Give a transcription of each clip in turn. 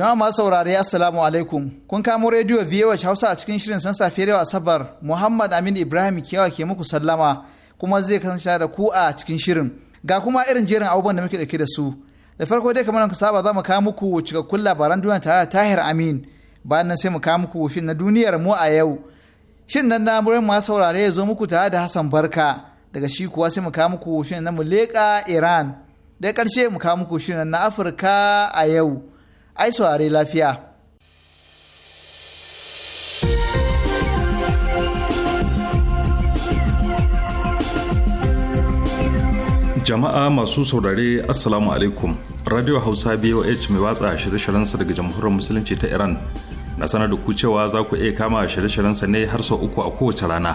Jama'a masu saurare Assalamu alaikum. Kun kamo rediyo viewa Hausa a cikin shirin san safiyar yau Asabar Muhammad Amin Ibrahim Kewa ke muku sallama kuma zai kasance da ku a cikin shirin. Ga kuma irin jerin abubuwan da muke dauke da su. Da farko dai kamar saba za mu kawo muku cikakkun labaran duniya tare da Tahir Amin. Bayan nan sai mu kawo muku shin na duniyar mu a yau. Shin nan na murin masu saurare ya zo muku tare da Hassan Barka. Daga shi kuwa sai mu kawo muku shin na mu leƙa Iran. Da ƙarshe mu kawo muku shin na Afirka a yau. ai saurari lafiya. jama'a masu saurare assalamu alaikum radio hausa boh mai watsa shirye-shiryensa daga jamhuriyar musulunci ta iran na sanar da ku cewa za ku iya kama shirye-shiryensa ne har sau uku a kowace rana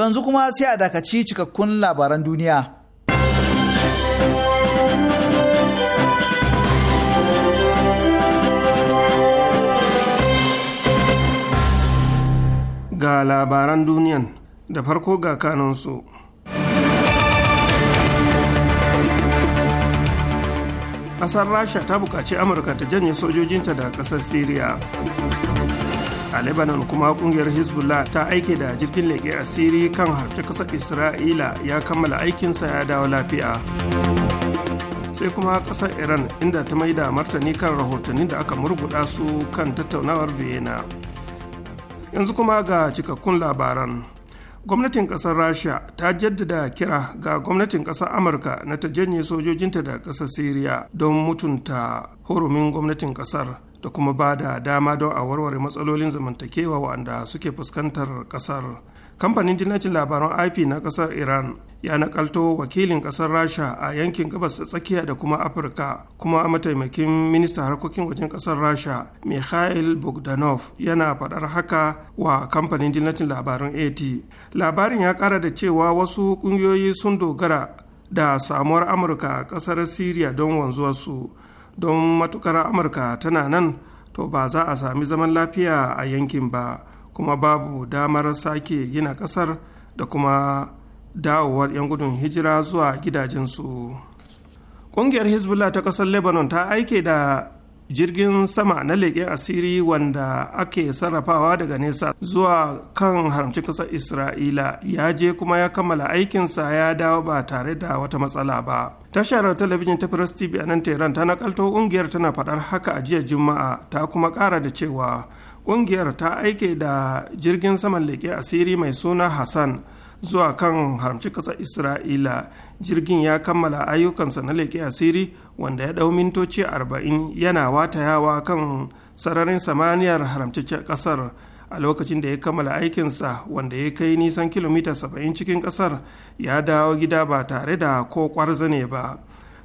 To yanzu kuma sai a dakaci cikakkun labaran duniya. Ga labaran duniyan da farko ga kanunsu. Ƙasar Rasha ta buƙaci Amurka ta janye sojojinta da ƙasar Siriya. a lebanon kuma kungiyar hezbollah ta aike da jirgin leƙe asiri kan harce ƙasar isra'ila ya kammala aikinsa ya dawo lafiya sai kuma ƙasar iran inda ta maida martani kan rahotanni da aka murguɗa su kan tattaunawar vienna yanzu kuma ga cikakkun labaran gwamnatin ƙasar rasha ta jaddada kira ga gwamnatin ƙasar amurka na ta janye sojojinta da ƙasar syria don mutunta hurumin gwamnatin ƙasar. da kuma ba da dama don a warware matsalolin zamantakewa waɗanda suke fuskantar ƙasar. kamfanin dillacin labaran ip na kasar iran ya nakalto wakilin kasar rasha a yankin gabas ta tsakiya da kuma afirka kuma mataimakin Minista harkokin wajen kasar rasha mikhail bogdanov yana faɗar haka wa kamfanin dillacin labaran at labarin ya ƙara da cewa wasu ƙungiyoyi sun dogara da samuwar amurka a ƙasar syria don wanzuwarsu don matukar amurka tana nan to ba za a sami zaman lafiya a yankin ba kuma babu damar sake gina kasar da kuma dawowar 'yan gudun hijira zuwa gidajensu ƙungiyar hezbollah ta ƙasar lebanon ta aike da jirgin sama na leƙen asiri wanda ake sarrafawa daga nesa zuwa kan haramcin ƙasar isra'ila ya je kuma ya kammala aikinsa ya dawo ba tare da wata matsala ba tashar talabijin ta press tv a nan tehran ta nakalto ƙungiyar tana faɗar haka a jiya juma'a ta kuma ƙara da cewa ƙungiyar ta aike da jirgin saman leƙen asiri mai suna hassan zuwa kan haramci ƙasar isra'ila jirgin ya kammala ayyukansa na leƙe asiri wanda ya ɗau mintoci arba'in yana watayawa kan sararin samaniyar haramci ƙasar a lokacin da ya kammala aikinsa wanda ya kai nisan kilomita 70 cikin ƙasar ya dawo gida ba tare da ko kwarzane ba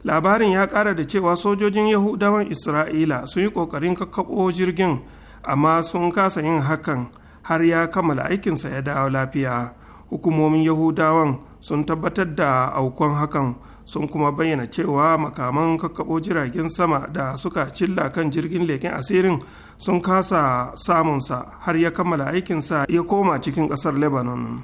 labarin ya ƙara da cewa sojojin yahudawan isra'ila sun yi ƙoƙarin kakkaɓo jirgin amma sun kasa yin hakan har ya kammala aikinsa ya dawo lafiya hukumomin yahudawan sun tabbatar da aukon hakan sun kuma bayyana cewa makaman kakkaɓo jiragen sama da suka cilla kan jirgin leken asirin sun kasa samunsa har ya kammala aikinsa ya koma cikin ƙasar lebanon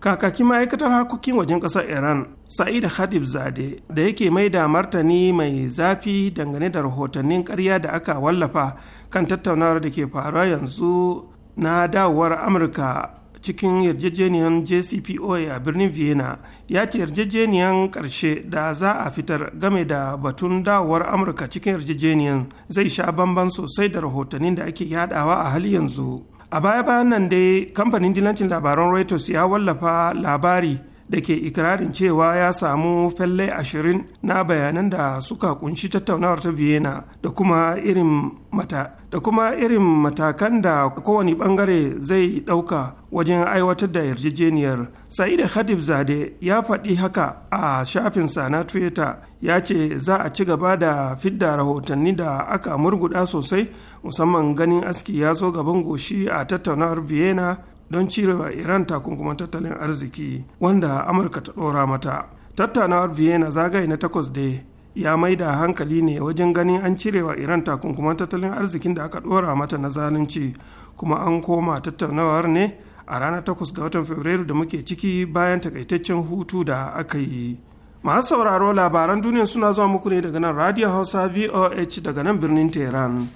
kakakin ma'aikatar harkokin wajen ƙasar iran sa'id khatib zade da yake mai da martani mai zafi dangane da rahotannin karya da aka wallafa kan tattaunawar da ke faruwa yanzu na dawowar amurka cikin yarjejeniyar jcpoa a birnin vienna ya ce yarjejeniyar karshe da za a fitar game da batun dawowar amurka cikin yarjejeniyar zai sha bamban sosai da rahotannin da ake yadawa a hali yanzu a baya bayan nan dai kamfanin dilancin labaran reuters ya wallafa labari da ke ikirarin cewa ya samu falle ashirin na bayanan da suka kunshi tattaunawar ta vienna da kuma irin mata da kuma irin matakan da kowane bangare zai ɗauka wajen aiwatar da yarjejeniyar sa'id khadib zade ya faɗi haka a shafinsa na twitter ya ce za a ci gaba da fidda rahotanni da aka murguda sosai musamman ganin aski ya zo gaban goshi a tattaunawar vienna don cirewa iran takunkuman tattalin arziki wanda amurka ta ɗora mata tattaunawar vienna zagaye na takwas dai ya mai da hankali ne wajen ganin an cirewa iran takunkuman tattalin arzikin da aka ɗora mata na zalunci kuma an koma tattaunawar ne a ranar takwas ga watan fabrairu da muke ciki bayan takaitaccen hutu da aka yi masu sauraro labaran duniya suna zuwa muku ne daga nan radio hausa voh daga nan birnin tehran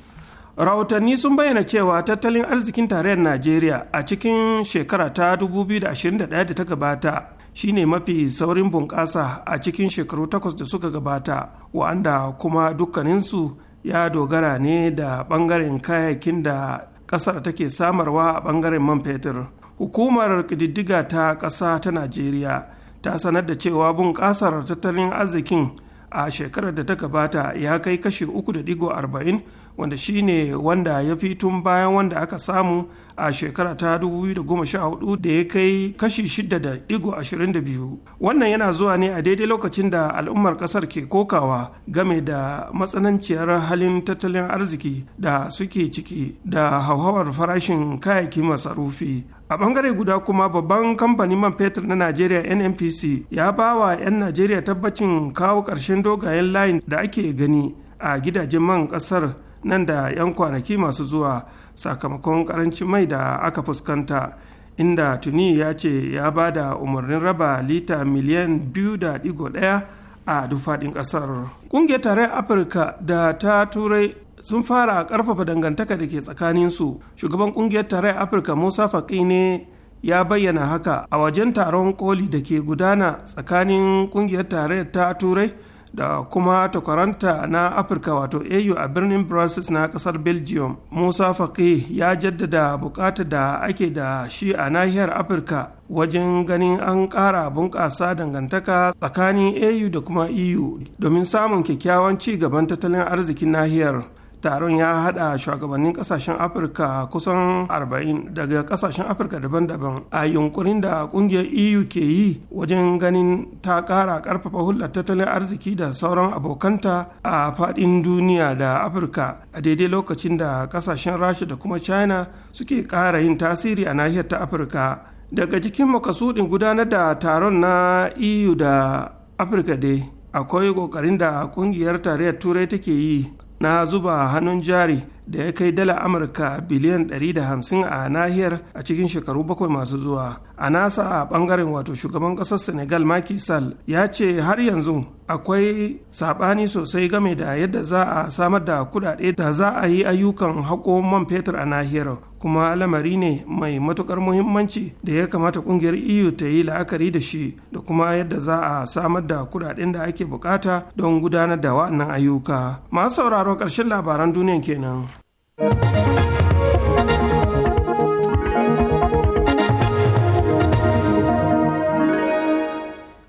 rahotanni sun bayyana cewa tattalin arzikin tarayyar najeriya a cikin shekara ta 2021 da ta gabata shine mafi saurin bunƙasa a cikin shekaru takwas da suka gabata wa'anda kuma dukkaninsu ya dogara ne da ɓangaren kayayyakin da ƙasar take samarwa a ɓangaren man fetur hukumar ƙididdiga ta ƙasa ta najeriya ta sanar da cewa bunƙasar tattalin arzikin a shekarar da ta gabata ya kai kashi 3.40 wanda shi ne wanda ya fi tun bayan wanda aka samu a shekara ta 2014 da ya kai kashi 6.22 wannan yana zuwa ne a daidai lokacin da al'ummar kasar ke kokawa game da matsananciyar halin tattalin arziki da suke ciki da hauhawar farashin kayayyakin masarufi a bangare guda kuma babban kamfanin man fetur na najeriya nnpc ya ba wa 'yan najeriya tabbacin kawo ƙarshen dogayen layin da ake gani a gidajen man ƙasar nan da 'yan kwanaki masu zuwa sakamakon karancin mai da aka fuskanta inda tuni ya ce ya ba da umarnin raba lita miliyan 2.1 a dufaɗin ƙasar ƙungiyar tarayyar afirka da ta turai sun fara ƙarfafa dangantaka da ke tsakaninsu shugaban ƙungiyar tarayyar afirka musa faƙi ne ya bayyana haka a wajen taron koli da ke gudana tsakanin ƙungiyar tarayyar ta turai da kuma takwaranta na afirka wato au a birnin brussels na kasar belgium musa faqih ya jaddada bukata da ake da shi a nahiyar afirka wajen ganin an ƙara bunƙasa dangantaka tsakanin au da kuma eu domin samun kyakkyawan ci gaban tattalin arzikin nahiyar taron ya haɗa shugabannin ƙasashen afirka kusan 40 daga ƙasashen afirka daban-daban a yunkurin da ƙungiyar eu ke yi wajen ganin ta ƙara ƙarfafa hular tattalin arziki da sauran abokanta a faɗin duniya da afirka a daidai lokacin da ƙasashen rasha da kuma china suke ƙara yin tasiri a nahiyar ta afirka daga cikin makasudin gudanar da taron na eu da afirka dai akwai kokarin da ƙungiyar tarayyar turai take yi na zuba hannun jari da ya kai dala amurka biliyan 150 a nahiyar a cikin shekaru bakwai masu zuwa a nasa a bangaren wato shugaban kasar senegal Macky ya ce har yanzu akwai sabani sosai game da yadda za a samar da kudade da za a yi ayyukan haƙo man fetur a nahiyar kuma lamari ne mai matukar muhimmanci da ya kamata kungiyar eu ta yi la'akari da shi da kuma yadda za a samar da kudaden da ake bukata don gudanar da wa'annan ayyuka masu sauraro ƙarshen labaran duniya kenan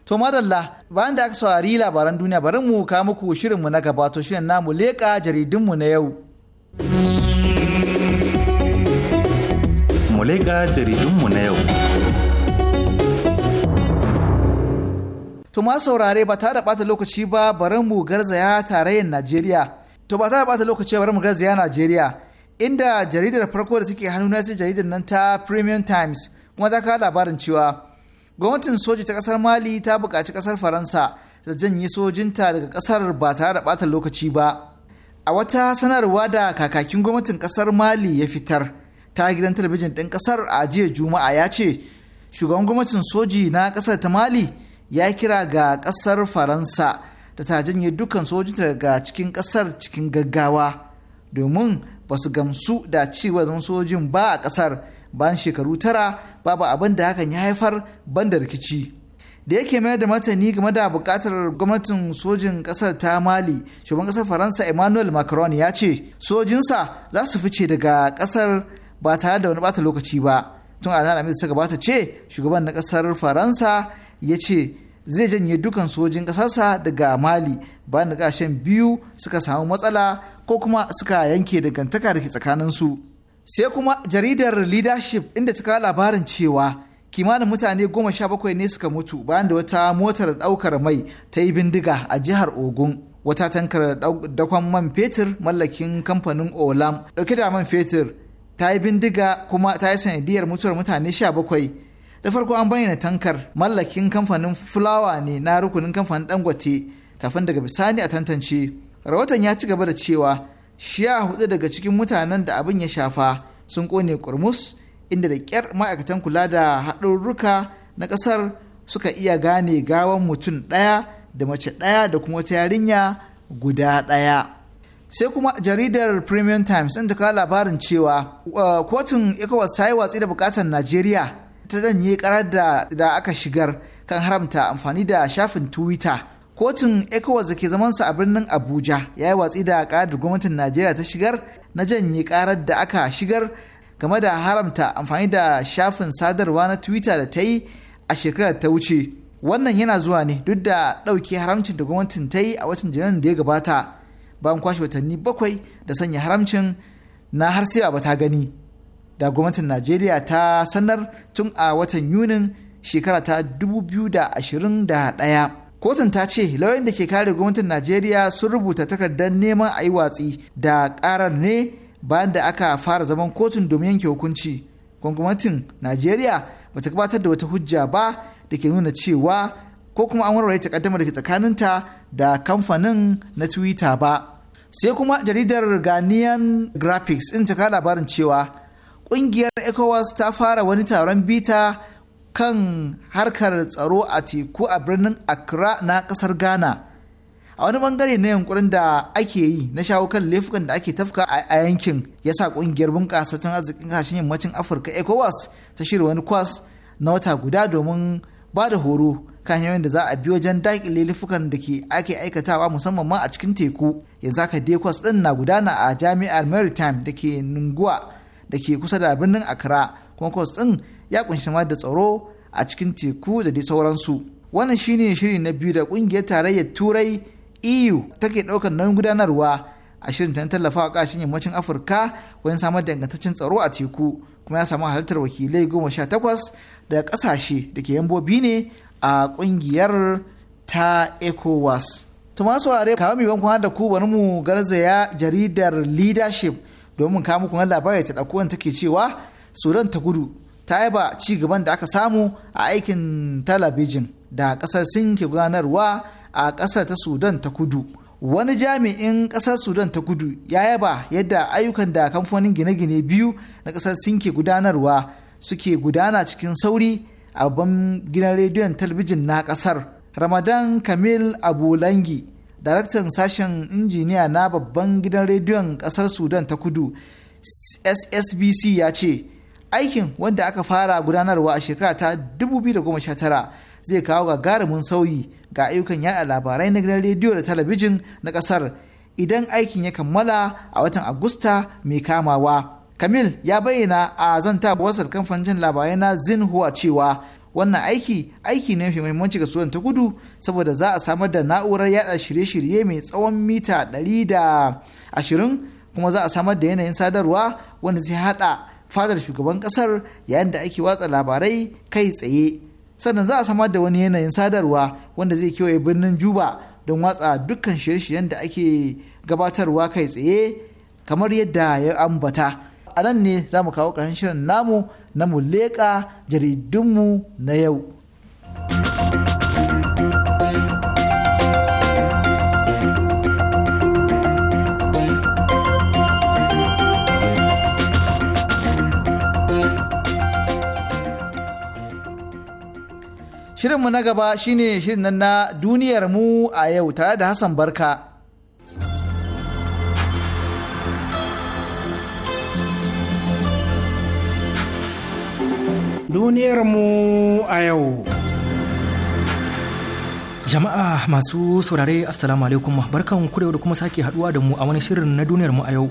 To madalla bayan da aka saurari labaran duniya bari mu kawo muku mu na gabato shirin namu leƙa mu na yau. mu jaridunmu na yau. tuma saurare ba ta da ɓata lokaci ba bari mu garzaya tarayyar Najeriya. To ba ta da ɓata lokaci bari mu garzaya Najeriya. Inda jaridar farko da take hannu na jaridar nan ta Premium Times kuma ta kawo labarin cewa gwamnatin soji ta ƙasar Mali ta buƙaci ƙasar Faransa da janye sojinta daga ƙasar ba tare da bata lokaci ba. A wata sanarwa da kakakin gwamnatin ƙasar Mali ya fitar, ta gidan talabijin ɗin ƙasar a jiya juma'a ya ce shugaban gwamnatin soji na ƙasar ta mali ya kira ga ƙasar faransa da ta janye dukkan sojinta daga cikin ƙasar cikin gaggawa domin ba su gamsu da cewa zaman sojin ba a ƙasar bayan shekaru tara babu abin da hakan ya haifar ban da rikici da yake mayar da martani game da bukatar gwamnatin sojin ƙasar ta mali shugaban ƙasar faransa emmanuel macron ya ce sojinsa za su fice daga ƙasar ba tare da wani bata lokaci ba tun a ranar ta gabata ce shugaban na ƙasar faransa ya ce zai janye dukan sojin kasarsa daga mali ba da kasashen biyu suka samu matsala ko kuma suka yanke dangantaka da ke tsakaninsu sai kuma jaridar leadership inda ta kawo labarin cewa kimanin mutane goma sha bakwai ne suka mutu bayan da wata motar daukar mai ta yi bindiga a jihar ogun wata tankar dakon man fetur mallakin kamfanin olam dauke da man fetur ta yi bindiga kuma ta yi sanadiyar mutuwar mutane sha bakwai da farko an bayyana tankar mallakin kamfanin fulawa ne na rukunin kamfanin dangote kafin daga bisani a tantance rahoton ya ci gaba da cewa sha hudu daga cikin mutanen da abin ya shafa sun kone kurmus inda da kyar ma'aikatan kula da haɗurruka na ƙasar suka iya gane gawan mutum ɗaya da mace ɗaya da kuma wata yarinya guda ɗaya. sai kuma jaridar premium times ta kawo labarin cewa uh, kotun ecowas ta yi watsi da bukatar najeriya ta yi karar da aka shigar kan haramta amfani da shafin twitter kotun ecowas da ke zamansa a birnin abuja ya yi watsi da karar da gwamnatin najeriya ta shigar na janye karar da aka shigar game da haramta amfani da shafin sadarwa na twitter da ta yi a shekarar ta wuce wannan yana zuwa ne duk da ɗauke haramcin da gwamnatin ta yi a watan janairun da ya gabata bayan kwashe watanni bakwai da sanya haramcin na har sai ba ta gani da gwamnatin najeriya ta sanar tun a watan yunin shekara ta 2021 kotun ta ce lauyan da ke kare gwamnatin najeriya sun rubuta takardar neman a yi watsi da karar ne bayan da aka fara zaman kotun domin yanke hukunci gwamnatin najeriya ba ta gabatar da wata hujja ba da ke nuna cewa ko kuma an warware takaddama da ke tsakaninta da kamfanin na twitter ba sai kuma jaridar ghanaian graphics in ta labarin cewa ƙungiyar ecowas ta fara wani taron bita kan harkar tsaro a teku a birnin accra na kasar ghana a wani bangare na yankurin da ake yi na shawo kan laifukan da ake tafka a yankin ya sa kungiyar bunƙasa tun arzikin kasashen yammacin afirka ecowas ta shirya wani kwas na wata guda domin ba da horo kan hanyoyin da za a bi wajen dakile laifukan da ke ake aikatawa musamman ma a cikin teku yanzu haka dai kwas ɗin na gudana a jami'ar maritime da ke nunguwa da ke kusa da birnin accra kuma kwas ɗin ya kunshi da tsaro a cikin teku da dai sauransu wannan shine shiri na biyu da ƙungiyar tarayyar turai eu take ɗaukar nauyin gudanarwa a shirin ta tallafa wa kashin yammacin afirka wajen samar da ingantaccen tsaro a teku kuma ya samu halartar wakilai goma sha takwas daga kasashe da ke yambobi ne a kungiyar ta ecowas tumasu masu kawo mai bankon da ku bari mu garzaya jaridar leadership domin kawo kuma labarai ta dakuwan take cewa sudan ta gudu ta yaba ci gaban da aka samu a aikin talabijin da ƙasar sin ke gudanarwa a ƙasar ta sudan ta kudu wani jami'in ƙasar sudan ta kudu ya yaba yadda ayyukan da kamfanin gine-gine biyu na ƙasar sin ke gudanarwa suke gudana cikin sauri a babban gidan rediyon talabijin na kasar ramadan kamil abulangi daraktan sashen injiniya na babban gidan rediyon kasar sudan ta kudu ssbc ya ce aikin wanda aka fara gudanarwa a shekara ta 2019 zai kawo gagarumin sauyi ga ayyukan yada labarai na gidan rediyo da talabijin na kasar idan aikin ya kammala a watan agusta mai kamawa. Kamil ya bayyana a zanta wasar kamfanin labarai na Xinhua cewa wannan aiki aiki ne mafi muhimmanci ga Sudan ta kudu saboda za a samar da na'urar yada shirye-shirye mai tsawon mita 120 kuma za a samar da yanayin sadarwa wanda zai hada fadar shugaban kasar yayin da ake watsa labarai kai tsaye sannan za a samar da wani yanayin sadarwa wanda zai kewaye birnin juba don watsa dukkan shirye-shiryen da ake gabatarwa kai tsaye kamar yadda ya ambata. a nan ne za mu kawo ƙarshen shirin namu na mu leƙa jaridunmu na yau. Shirinmu na gaba shine shirin na duniyar mu a yau tare da Hassan Barka. Duniyarmu a yau. Jama'a masu saurare Assalamu alaikum barkan ku da kuma sake haduwa da mu a wani shirin na mu a yau.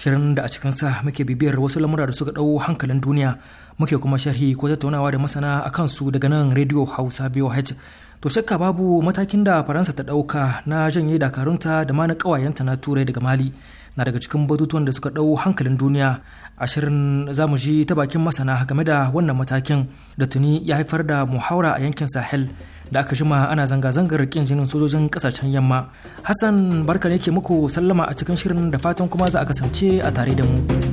Shirin da a cikin sa muke bibiyar wasu lamura da suka ɗau hankalin duniya muke kuma sharhi ko tattaunawa da masana a kansu daga nan Radio Hausa BOH. To shakka babu matakin da Faransa ta ɗauka na janye dakarunta da ma na ƙawayenta na Turai daga Mali. na daga cikin batutuwan da suka ɗau hankalin duniya ashirin zamu ji ta bakin masana game da wannan matakin da tuni ya haifar da muhaura a yankin sahel da aka jima ana zanga-zangar kin jinin sojojin kasashen yamma hassan barka ne ke muku sallama a cikin shirin da fatan kuma za a kasance a tare da mu.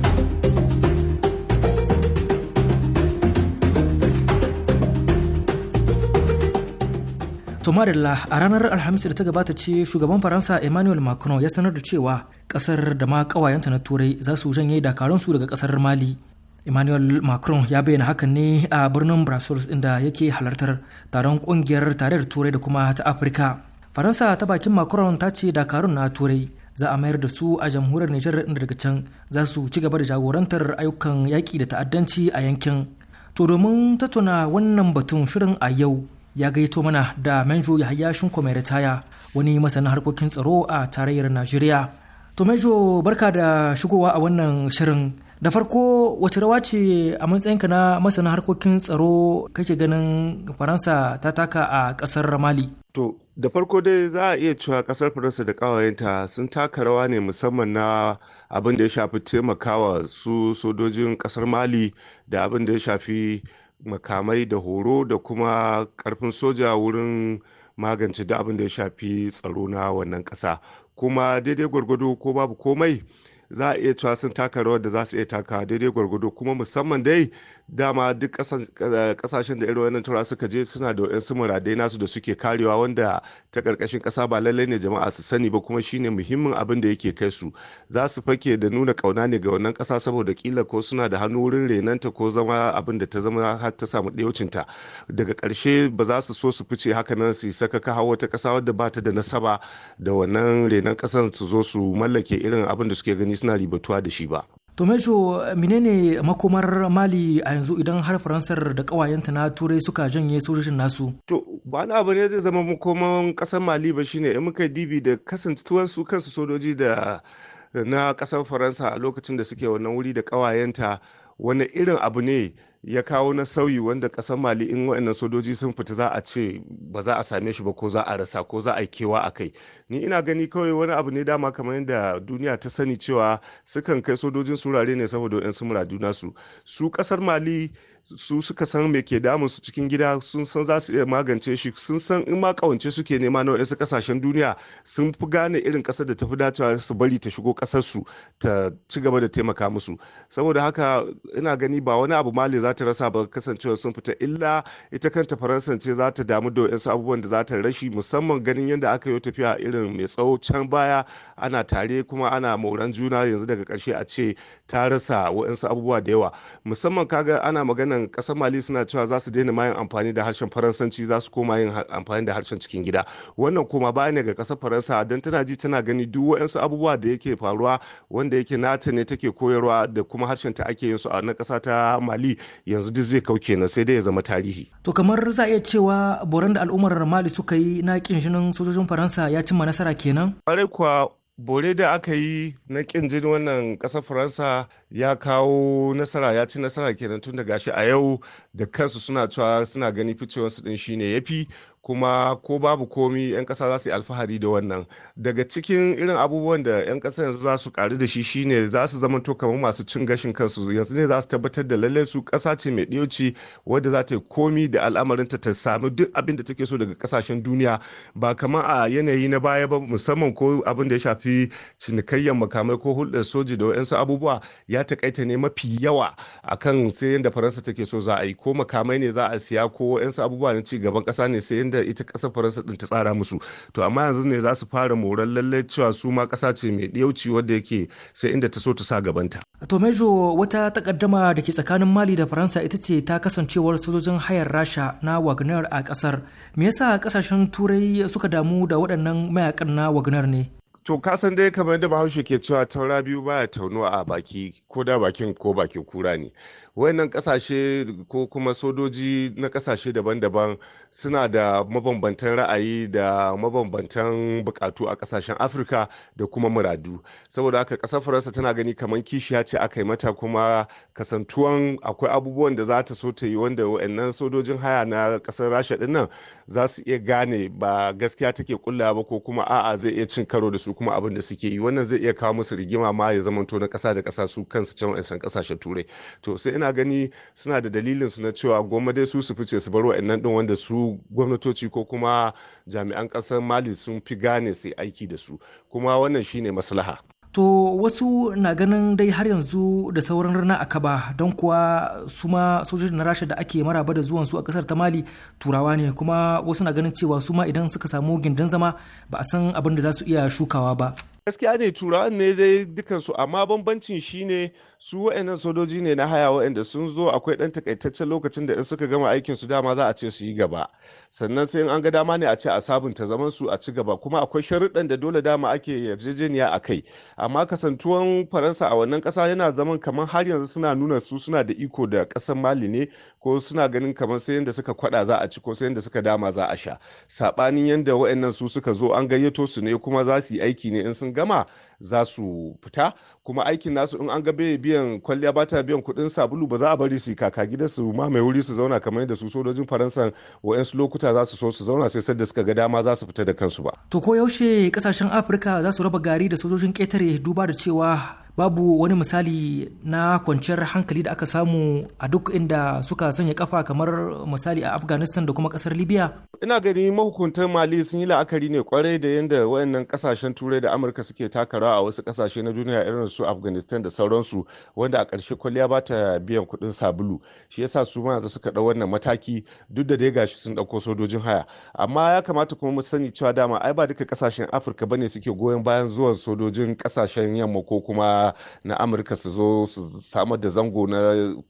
To Marilla a ranar Alhamis da ta gabata ce shugaban Faransa Emmanuel Macron ya sanar da cewa kasar da ma kawayenta na Turai za su janye dakaransu daga kasar Mali. Emmanuel Macron ya bayyana hakan ne a birnin Brussels inda yake halartar taron kungiyar tarayyar Turai da kuma ta Afirka. Faransa ta bakin Macron ta ce dakarun na Turai za a mayar da su a jamhuriyar Nijar inda daga can za su ci gaba da jagorantar ayyukan yaƙi da ta'addanci a yankin. To domin tattauna wannan batun shirin a yau ya gaito mana da Menjo Yahaya Shinko mai ritaya wani masanin harkokin tsaro a tarayyar Najeriya. To Menjo barka da shigowa a wannan shirin. Da farko wace rawa ce a matsayinka na masanin harkokin tsaro kake ganin Faransa ta taka a ƙasar Mali? To da farko dai za a iya cewa kasar faransa da kawayenta sun taka rawa ne musamman na abin da ya shafi taimakawa su sojojin ƙasar mali da abin da ya shafi makamai da horo da kuma karfin soja wurin magance da abin da ya shafi tsaro na wannan ƙasa kuma daidai gwargwado ko babu komai za a iya cewa sun taka rawar da za su iya taka daidai gwargwado kuma musamman dai dama duk kasashen da irin wannan tura suka je suna da wa'yansu muradai nasu da suke karewa wanda ta karkashin kasa ba lallai ne jama'a su sani ba kuma shine muhimmin abin da yake kai su za su fake da nuna kauna ne ga wannan kasa saboda kila ko suna da hannu wurin renanta ko zama abin da ta zama har ta samu ta daga karshe ba za su so su fice haka nan su saka ka wata ƙasa wadda ba ta da nasaba da wannan renan kasan su zo su mallake irin abin da suke gani suna ribatuwa da shi ba. Tomejo menene makomar Mali a yanzu idan har Faransar da kawayenta na Turai suka janye sojojin nasu? To, ba na abu ne zai zama makoman ƙasar Mali ba shine in muka dibi da kasancewan su kansu sojoji da na ƙasar Faransa a lokacin da suke wannan wuri da kawayenta wani irin abu ne ya kawo na sauyi wanda kasan mali in wa'annan sojoji sun fita za a ce ba za a same shi ba ko za a rasa ko za a yi kewa a kai ni ina gani kawai wani abu ne dama kamar yadda duniya ta sani cewa sukan kai sojojin surare ne saboda yan su muraduna su su kasar mali su suka san me ke damun su cikin gida sun san za su iya magance shi sun san in ma kawance suke nema na wasu kasashen duniya sun fi gane irin kasar da ta fi dacewa su bari ta shigo kasar su ta ci gaba da taimaka musu saboda haka ina gani ba wani abu mali za ta rasa ba kasancewa sun fita illa ita kanta faransance za ta damu da wasu abubuwan da za ta rashi musamman ganin yadda aka yi tafiya irin mai tsawo can baya ana tare kuma ana moran juna yanzu daga karshe a ce ta rasa waɗansu abubuwa da yawa musamman kaga ana magana nan kasar mali suna cewa za su daina mayan amfani da harshen faransanci za su koma yin amfani da harshen cikin gida wannan kuma ba ne ga kasar faransa don tana ji tana gani duk wa'ansu abubuwa da yake faruwa wanda yake nata ne take koyarwa da kuma harshen ta ake yin su a na kasa ta mali yanzu duk zai kauke na sai dai ya zama tarihi to kamar za a iya cewa boran da al'ummar mali suka yi na kin jinin sojojin faransa ya cimma nasara kenan kwarai kuwa bore da aka yi na kin jin wannan ƙasar faransa ya kawo nasara ya ci nasara kenan tun da gashi a yau da kansu suna cewa suna gani ficewarsu din shine ya fi kuma ko babu komi 'yan kasa za su yi alfahari da wannan daga cikin irin abubuwan da 'yan kasa yanzu za su ƙaru da shi shine za su zama to kamar masu cin gashin kansu yanzu ne za su tabbatar da lallai su kasa ce mai ɗauci wadda za ta yi komi da al'amarinta ta sami duk abin da take so daga kasashen duniya ba kamar a yanayi na baya ba musamman ko abin da ya shafi cinikayyar makamai ko hulɗar soji da waɗansu abubuwa ya taƙaita ne mafi yawa akan sai yadda faransa take so za a yi ko makamai ne za a siya ko waɗansu abubuwa na ci gaban ƙasa ne sai yadda yadda ita ƙasar faransa ɗin ta tsara musu to amma yanzu ne za su fara moran lallai cewa su ma ƙasa ce mai ɗiyauci wadda yake sai inda ta so ta sa gabanta. to mejo wata takaddama da ke tsakanin mali da faransa ita ce ta kasancewar sojojin hayar rasha na wagner a ƙasar me yasa ƙasashen turai suka damu da waɗannan mayakan na wagner ne. to ka san dai kamar da bahaushe ke cewa taura biyu baya taunuwa a baki ko da bakin ko bakin kura ne wayannan kasashe ko kuma sojoji na kasashe daban-daban suna da mabambantan ra'ayi da mabambantan bukatu a kasashen afirka da kuma muradu saboda haka kasar faransa tana gani kamar kishiya ce aka yi mata kuma kasantuwan akwai abubuwan da za ta so ta yi wanda wayannan sojojin haya na kasar rasha nan za su iya gane ba gaskiya take kulla ba ko kuma a'a zai iya cin karo da su kuma abin da suke yi wannan zai iya kawo musu rigima ma ya zamanto na kasa da kasa su kansu can wayansan kasashen turai to sai ina ina gani suna da dalilin su na cewa goma dai su su fice su bar wa'annan din wanda su gwamnatoci ko kuma jami'an kasar mali sun fi gane su aiki da su kuma wannan shine maslaha to wasu na ganin dai har yanzu da sauran rana a kaba don kuwa su ma sojoji na rasha da ake maraba da zuwan su a kasar ta mali turawa ne kuma wasu na ganin cewa su ma idan suka samu gindin zama ba a san abin da za su iya shukawa ba gaskiya ne turawan ne dai dukansu amma bambancin shine su wa'annan sojoji ne na haya wa'anda sun zo akwai dan takaitaccen lokacin da in suka gama aikin su dama za a ce su yi gaba sannan sai an ga dama ne a ce a sabunta zaman su a ci gaba kuma akwai sharuɗan da dole dama ake yarjejeniya a kai amma kasantuwan faransa a wannan ƙasa yana zaman kamar har yanzu suna nuna su suna da iko da ƙasar mali ne ko suna ganin kamar sai yadda suka kwada za a ci ko sai yadda suka dama za a sha saɓanin yadda wa'annan su suka zo an gayyato su ne kuma za su yi aiki ne in sun gama za su fita kuma aikin nasu in an ga bai biyan kwalliya ba ta biyan kuɗin sabulu ba za a bari su kaka gida su ma mai wuri su zauna kamar yadda su sojojin faransa wa'yansu lokuta za su so su zauna sai sadda suka ga dama za su fita da kansu ba. to ko yaushe kasashen afirka za su raba gari da sojojin ƙetare duba da cewa babu wani misali na kwanciyar hankali da aka samu a duk inda suka sanya kafa kamar misali a afghanistan da kuma kasar libya ina gani mahukuntar mali sun yi la'akari ne kwarai da yadda wayannan kasashen turai da amurka suke taka a wasu kasashe na duniya irin su afghanistan da sauransu wanda a ƙarshe kwalliya ba ta biyan kuɗin sabulu shi yasa su ma yanzu suka ɗau wannan mataki duk da dai gashi sun ɗauko sojojin haya amma ya kamata kuma mu sani cewa dama ai ba duka kasashen afirka bane suke goyon bayan zuwan sojojin kasashen yamma ko kuma na amurka su zo su samar da zango na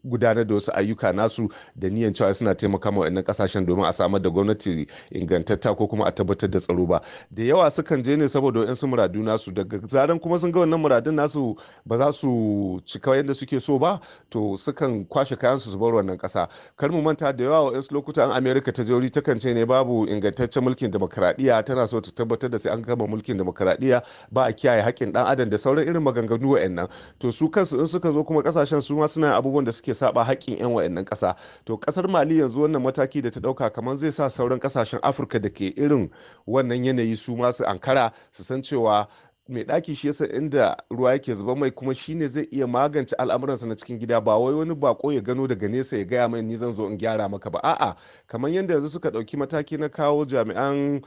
gudanar da wasu ayyuka nasu da niyan cewa suna taimaka ma wa'annan kasashen domin a samar da gwamnati ingantatta ko kuma a tabbatar da tsaro ba da yawa sukan je ne saboda wa'yansu muradu nasu daga zaran kuma sun ga wannan muradun nasu ba za su cika yadda suke so ba to sukan kwashe kayan su bar wannan kasa kar mu manta da yawa wa'yansu lokuta an amerika ta jori takan ce ne babu ingantaccen mulkin demokradiyya tana so ta tabbatar da sai an gama mulkin demokradiyya ba a kiyaye haƙƙin dan adam da sauran irin maganganu wa wa'annan to su kansu in suka zo kuma kasashen su ma suna abubuwan da suke saba haƙƙin 'yan wa'annan ƙasa to ƙasar mali yanzu wannan mataki da ta ɗauka kamar zai sa sauran ƙasashen afirka da ke irin wannan yanayi su ma su ankara su san cewa mai ɗaki shi yasa inda ruwa yake zuba mai kuma shi ne zai iya magance al'amuransa na cikin gida ba wai wani bako ya gano daga nesa ya gaya mai ni zan zo in gyara maka ba a'a kamar yadda yanzu suka ɗauki mataki na kawo jami'an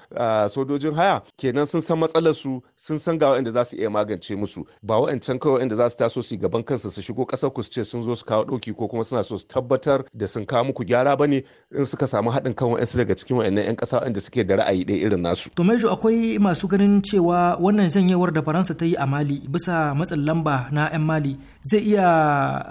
sojojin haya kenan sun san matsalar su sun san ga wanda za su iya magance musu ba wa'ancan kawai waɗanda za su taso su gaban kansu su shigo ƙasar ku su ce sun zo su kawo ɗauki ko kuma suna so su tabbatar da sun kawo muku gyara bane in suka samu haɗin kan wa'ansu daga cikin wa'annan 'yan ƙasa waɗanda suke da ra'ayi ɗaya irin nasu. to akwai masu ganin cewa wannan zanyewar da faransa ta yi a mali bisa matsin lamba na 'yan mali zai iya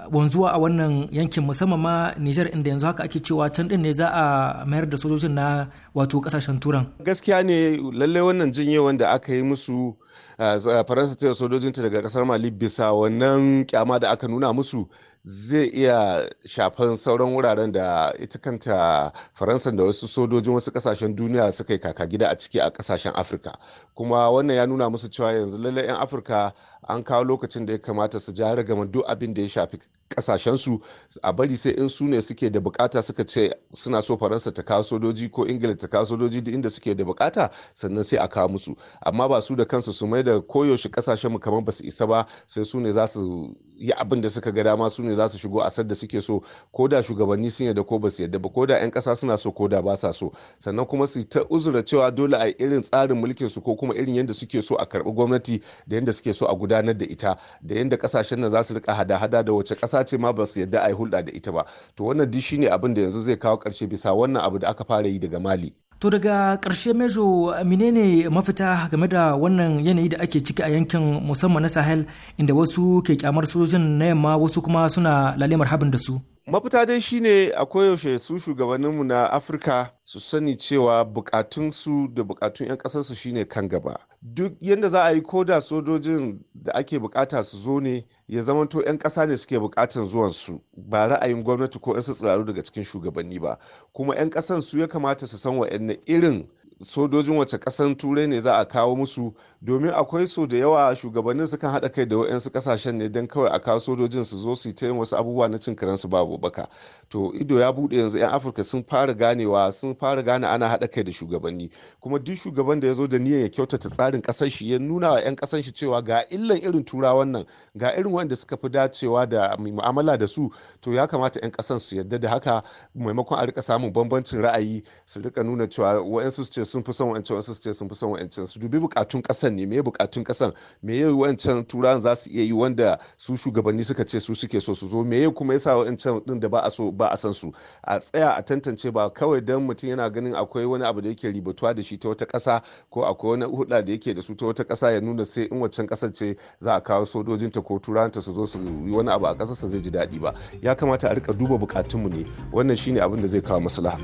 wanzuwa a wannan yankin musamman ma niger inda yanzu haka ake cewa can din ne za a mayar da sojojin na wato kasashen turan gaskiya ne lallai wannan jinye da aka yi musu eh, faransa ta yi sojojinta daga kasar mali bisa wannan kyama da aka nuna musu zai iya shafan sauran wuraren da ita kanta faransa da wasu sojojin wasu kasashen duniya suka yi kaka gida a ciki a kasashen afirka kuma wannan ya nuna musu cewa yanzu lallai 'yan afirka an kawo lokacin da ya kamata su ja ragaman duk abin da ya shafi kasashensu a bari sai in su ne suke da bukata suka ce suna so faransa ta kawo sojoji ko ingila ta kawo sojoji duk inda suke da bukata sannan sai a kawo musu amma ba su da kansu su mai da koyaushe mu kamar ba su isa ba sai su ne za su yi abin da suka ga dama su ne za su shigo a sadda suke so ko da shugabanni sun yadda ko ba su yadda ba ko da 'yan ƙasa suna so ko da ba sa so sannan kuma su ta uzura cewa dole a irin tsarin mulkin su ko kuma irin yadda suke so a karɓi gwamnati da yadda suke so a gudanar da ita da yadda ƙasashen nan za su rika hada-hada da wace ƙasa ce ma ba su yadda a yi hulɗa da ita ba to wannan duk shine abin da yanzu zai kawo ƙarshe bisa wannan abu da aka fara yi daga mali To daga ƙarshe mejo menene mafita game da wannan yanayi da ake ciki a yankin musamman na Sahel inda wasu ke kyamar sojojin na yamma wasu kuma suna lalimar habin da su. mafita dai shine a koyaushe su shugabanninmu na afirka su sani cewa bukatunsu da bukatun 'yan kasarsu shine kan gaba duk yadda za a yi koda sojojin da ake bukata su zo ne ya zamanto 'yan kasa ne suke bukatan zuwansu ba ra'ayin gwamnati ko 'yan su tsiraru daga cikin shugabanni ba kuma 'yan kasan su ya kamata su san wa'anne irin sojojin wace kasan turai ne za a kawo musu domin akwai so da yawa shugabannin su kan haɗa kai da wayansu kasashen ne don kawai a kawo sojojin su zo su yi tayin wasu abubuwa na cin karensu babu baka to ido ya buɗe yanzu 'yan afirka sun fara ganewa sun fara gane ana haɗa kai da shugabanni kuma duk shugaban da ya zo da niyan ya kyautata tsarin ƙasar shi ya nuna wa 'yan ƙasar shi cewa ga illan irin turawan nan ga irin wanda suka fi dacewa da mu'amala da su to ya kamata 'yan ƙasar su yarda da haka maimakon a rika samun bambancin ra'ayi su rika nuna cewa wa'yansu su ce sun fi son wancan wasu su ce sun fi son wancan su dubi bukatun kasan ne meye bukatun kasan meye wancan turan za su iya yi wanda su shugabanni suka ce su suke so su zo meye kuma yasa wancan din da ba a so ba a san su a tsaya a tantance ba kawai dan mutum yana ganin akwai wani abu da yake ribatuwa da shi ta wata kasa ko akwai wani hulɗa da yake da su ta wata kasa ya nuna sai in wancan kasan ce za a kawo sojojinta ko turanta su zo su yi wani abu a su zai ji daɗi ba ya kamata a rika duba bukatunmu ne wannan shine abin da zai kawo maslaha.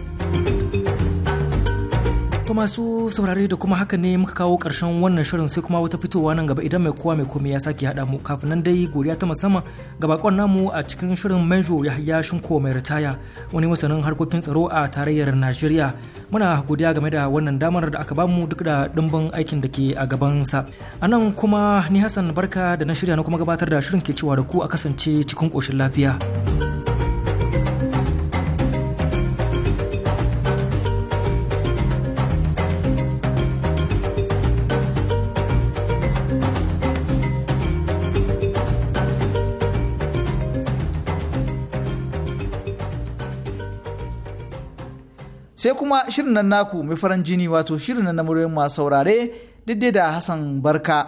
To masu saurare da kuma haka ne muka kawo ƙarshen wannan shirin sai kuma wata fitowa nan gaba idan mai kowa mai komai ya sake hada mu kafin nan dai godiya ta musamman ga bakon namu a cikin shirin Menjo Yahya Shinko mai ritaya wani masanin harkokin tsaro a tarayyar Najeriya. Muna godiya game da wannan damar da aka bamu duk da ɗimbin aikin da ke a gabansa. A nan kuma ni Hassan Barka da na shirya na kuma gabatar da shirin ke cewa da ku a kasance cikin ƙoshin lafiya. sai kuma shirin nan naku mai farin jini wato shirin nan na muryoyin masu saurare daidai da Hassan Barka.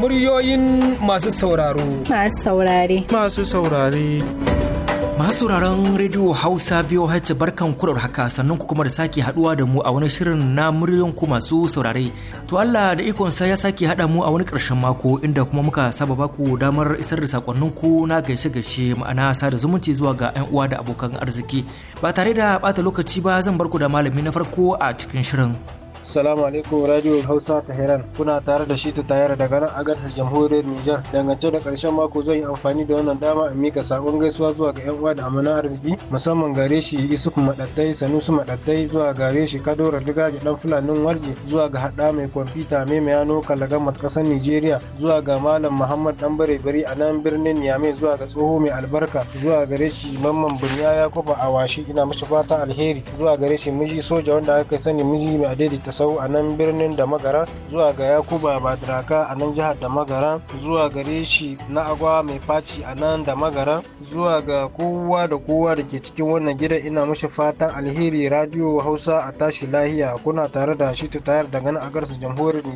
Muryoyin masu sauraro. Masu saurare. Masu saurare. Masu sauraron rediyo Hausa biyu hacce barkan kurar haka sannan ku kuma da sake haduwa da mu a wani shirin na muryoyin ku masu saurare. To Allah da ikon sa ya sake hada mu a wani karshen mako inda kuma muka saba baku damar isar da sakonnin ku na gaishe gaishe ma'ana da zumunci zuwa ga ƴan uwa da abokan arziki. Ba tare da bata lokaci ba zan barku da malami na farko a cikin shirin. Salamu alaikum Radio Hausa ta Tehran kuna tare da shi ta tayar daga nan agarta jamhuriyar Nijar dangance da karshen mako zan yi amfani da wannan dama in mika sabon gaisuwa zuwa ga yan uwa da amana arziki musamman gare shi Isuf Madaddai Sanusu Madaddai zuwa gare shi Kadora Digaji dan Fulanin Warje zuwa ga hada mai kwamfuta mai yano kallagan matkasan Nijeriya zuwa ga Malam Muhammad dan Barebari a nan birnin Niamey zuwa ga tsoho mai albarka zuwa gare shi Mamman Bunya ya kofa a washi ina mashi fata alheri zuwa gare shi miji soja wanda aka sani miji mai adaidaita Kasau a nan birnin da magara zuwa ga Yakuba Badraka a nan jihar da magara zuwa gare shi na agwa mai faci a nan da magara zuwa ga kowa da kowa da ke cikin wannan gidan ina mashi fatan alheri radio Hausa a tashi lahiya kuna tare da shi ta tayar da gani a garsa jamhuriyar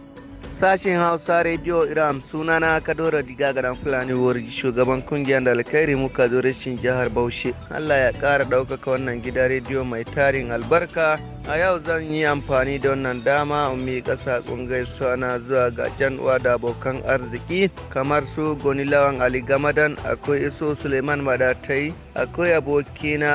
Sashen Hausa Radio Iram na kadora Diga garan Fulani wari shugaban kungiyar da alkhairi muka zo rashin jihar Bauchi. Allah ya kara ɗaukaka wannan gida rediyo mai tarin albarka. A yau zan yi amfani da wannan dama in miƙa saƙon suna zuwa ga jan uwa da abokan arziki kamar su Gonilawan Ali Gamadan akwai Iso Suleiman Madatai akwai abokina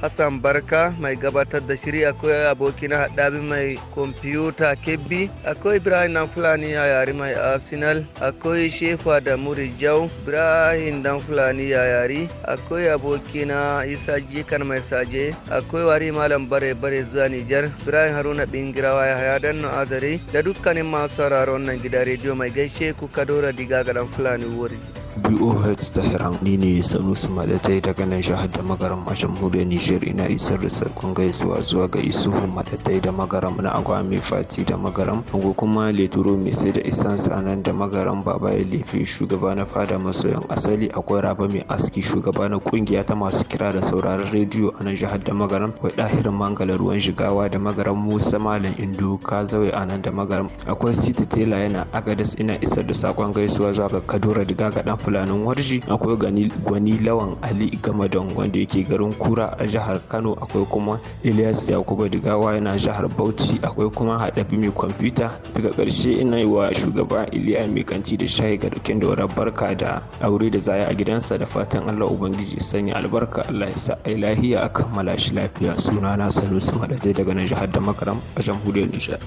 Hassan Barka mai gabatar da shiri akwai abokina Haɗabi mai kwamfuta Kebbi akwai Ibrahim Dan Fulani a yari mai Arsenal akwai Shefa da jau Ibrahim Dan Fulani a yari akwai abokina Isa Jikan mai saje akwai wari Malam Bare Bare zuwa Nijar Ibrahim Haruna Bingirawa ya haya dan azare da dukkanin masu sauraron nan gida rediyo mai gaishe ku Kadora Diga ga Dan Fulani wuri BOH Tehran ni ne Sanusi Madatai daga nan jihar da magaram a jamhuriyar Nijar ina isar da sakon gaisuwa zuwa ga Isuhu Madatai da magaram na Agwami Fati da magaram Ango kuma Leturo mai sai da isan sanan da magaram Baba Lefe shugaba na fada masoyan asali akwai Raba mai aski shugaba na kungiya ta masu kira da sauraron rediyo a nan jihar da magaram akwai Dahir Mangala ruwan shigawa da magaram Musa Malam Indo ka Kazawe a nan da magaram akwai city Tela yana Agadas ina isar da sakon gaisuwa zuwa ga Kadura Diga ga fulanin warji akwai gwani lawan ali gama gamadon wanda yake garin kura a jihar kano akwai kuma ilyas yakuba digawa yana jihar bauchi akwai kuma hada mai kwamfuta daga ƙarshe ina yi wa shugaba iliya mai kanti da shayi ga dukkan da barka da aure da zaya a gidansa da fatan allah ubangiji sanya albarka allah ya sa ai lahiya a kammala shi lafiya suna na su madadai daga nan jihar da makaram a jamhuriyar nijar.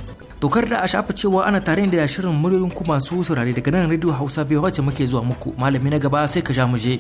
tokar da a shafa cewa ana tare da shirin muryoyin ku masu saurare daga nan radio hausa bai wacce muke zuwa muku malami na gaba sai ka ja mu je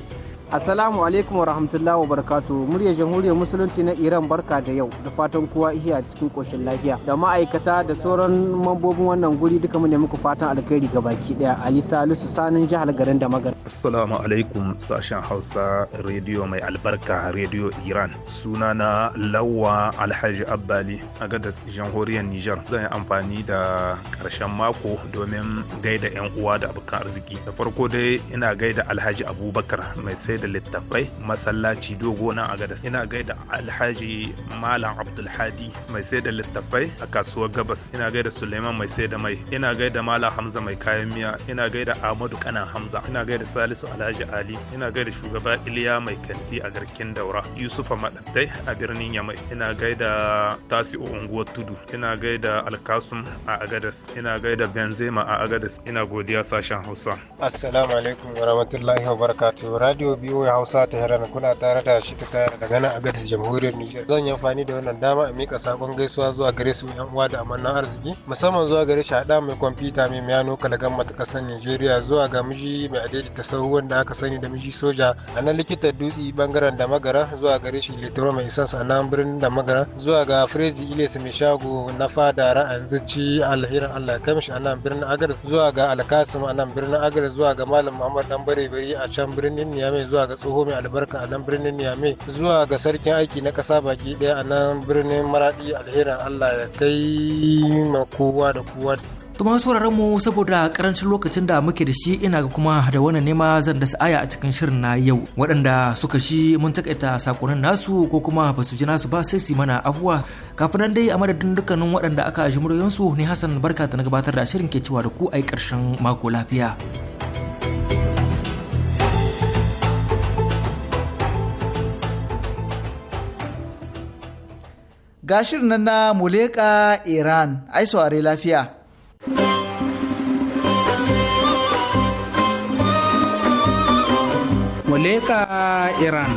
Assalamu alaikum wa rahmatullahi wa barakatu muryar jamhuriyar musulunci na Iran barka da yau da fatan kowa iya cikin koshin lafiya da ma'aikata da sauran mambobin wannan guri duka mu ne muku fatan alkhairi ga baki daya Ali Salisu sanin jihar garin da magar. Assalamu alaikum sashen Hausa rediyo mai albarka rediyo Iran suna na Lawa Alhaji Abbali a gada jamhuriyar Nijar zan yi amfani da karshen mako domin gaida yan uwa da abokan arziki da farko dai ina gaida Alhaji Abubakar mai sai da littafai masallaci dogo nan a gada ina gaida alhaji malam abdulhadi mai sai da littafai a kasuwar gabas ina gaida suleiman mai sai da mai ina gaida malam hamza mai kayan miya ina gaida ahmadu kanan hamza ina gaida salisu alhaji ali ina gaida shugaba iliya mai kanti a garkin daura yusufa madattai a birnin yamai ina gaida tasi'u unguwar tudu ina gaida alkasum a agadas ina gaida benzema a agadas ina godiya sashen hausa assalamu alaikum wa wabarakatuh radio b biyo hausa ta heran kuna tare da shi ta tare daga nan a gadar jamhuriyar niger zan yi amfani da wannan dama a mika sakon gaisuwa zuwa gare su yan uwa da amannan arziki musamman zuwa gare shi haɗa mai kwamfuta mai miyano kalagan mata san nigeria zuwa ga miji mai adadi ta sahu wanda aka sani da miji soja a nan likitan dutse bangaren da magara zuwa gare shi litoro mai isan a nan birnin da magara zuwa ga frezi iles mai shago na fada ra'ayin zuci alherin allah kamish a nan birnin agar zuwa ga alkasim a nan birnin agar zuwa ga malam muhammad dan bare bari a can birnin niyamai zuwa zuwa ga tsoho mai albarka a nan birnin Niamey zuwa ga sarkin aiki na ƙasa baki ɗaya a nan birnin maraɗi alherin Allah ya kai ma kowa da kowa. Tuma sauraron mu saboda karancin lokacin da muke da shi ina ga kuma da wannan nema zan da aya a cikin shirin na yau waɗanda suka shi mun takaita sakonin nasu ko kuma ba su ji nasu ba sai su mana afuwa kafin nan dai a madadin dukkanin waɗanda aka ji muryoyinsu ne Hassan barka ta na gabatar da shirin ke cewa da ku ai karshen mako lafiya. gashir nan na muleka iran ai saurari lafiya muleka iran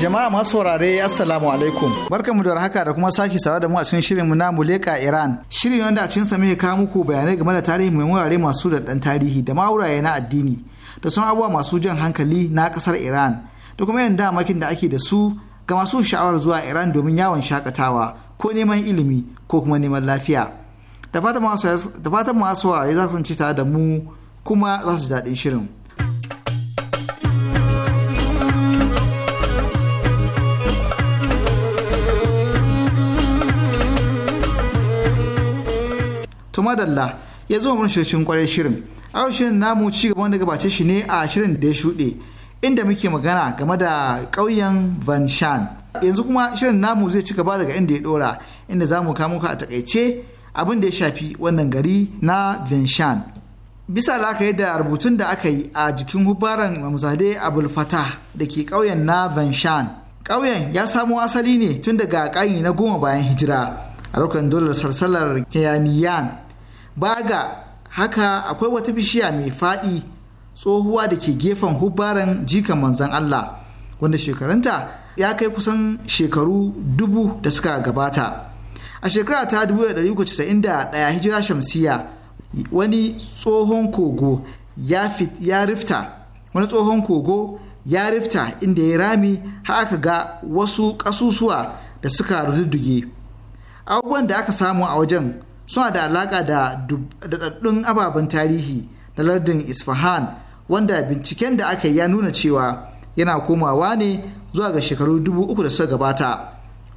jama'a masu saurare assalamu alaikum mu da haka da kuma sake sawa da mu a cikin shirin na muleka iran shirin wanda a cikin sa muke kawo muku bayanai game da tarihi mai wurare masu da dan tarihi da ma'auraye na addini da sun abubuwa masu jan hankali na kasar iran da kuma yin damakin da ake da su ga masu sha'awar zuwa Iran domin yawon shakatawa ko neman ilimi ko kuma neman lafiya. Da fatan masu saurare za su tare da mu kuma za su daɗin shirin. to madalla ya zo mun shirin kwarai shirin aushin namu ci gaban da gabace shi ne a shirin da ya shuɗe inda muke magana game da ƙauyen Van Shan. Yanzu kuma shirin namu zai ci gaba daga inda ya ɗora inda za mu ka a takaice abin da ya shafi wannan gari na Van Shan. Bisa la'akari da rubutun da aka yi a jikin hubaran Mamzade Abul Fatah da ke ƙauyen na Van Shan. Ƙauyen ya samo asali ne tun daga ƙayi na goma bayan hijira a rukan dolar sarsalar Kiyaniyan. Baga haka akwai wata bishiya mai faɗi tsohuwa da ke gefen hubbaran jika manzan Allah wanda shekarunta ya kai kusan shekaru dubu da suka gabata. A shekara ta da 1991 hijira shamsiya wani tsohon kogo ya rifta wani tsohon kogo ya rifta inda ya rami har aka ga wasu ƙasusuwa da suka rududduge. Abubuwan da aka samu a wajen suna da alaƙa da daɗaɗɗun ababen tarihi na lardin Isfahan wanda binciken da aka yi ya nuna cewa yana komawa ne zuwa ga shekaru dubu uku da suka gabata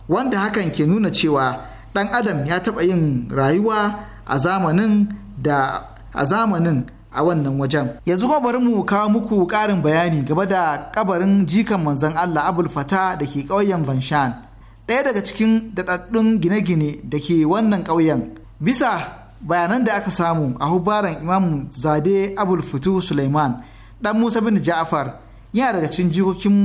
wanda hakan ke nuna cewa 'dan adam ya taɓa yin rayuwa a zamanin da a zamanin a wannan wajen yanzu kuma bari mu kawo muku ƙarin bayani game da kabarin jikan manzon Allah Abul Fata da ke ƙauyen Banshan ɗaya daga cikin daɗaɗɗun gine-gine da ke wannan ƙauyen bisa bayanan da aka samu a hubaran imam zade abul fitu suleiman dan musa bin ja'far yana daga cikin jikokin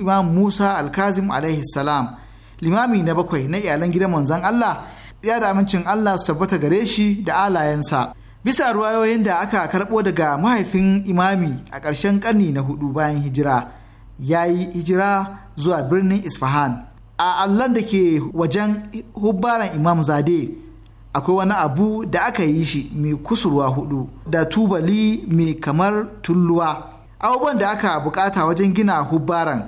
imam musa alkazim alaihi salam limami na bakwai na iyalan gidan manzon allah ya da amincin allah su tabbata gare shi da alayensa bisa ruwayoyin da aka karɓo daga mahaifin imami a ƙarshen ƙarni na hudu bayan hijira ya yi hijira zuwa birnin isfahan a allan da ke wajen hubbaran imam zade akwai wani abu da aka yi shi mai kusurwa hudu da tubali mai kamar tulluwa abubuwan da aka bukata wajen gina hubbaran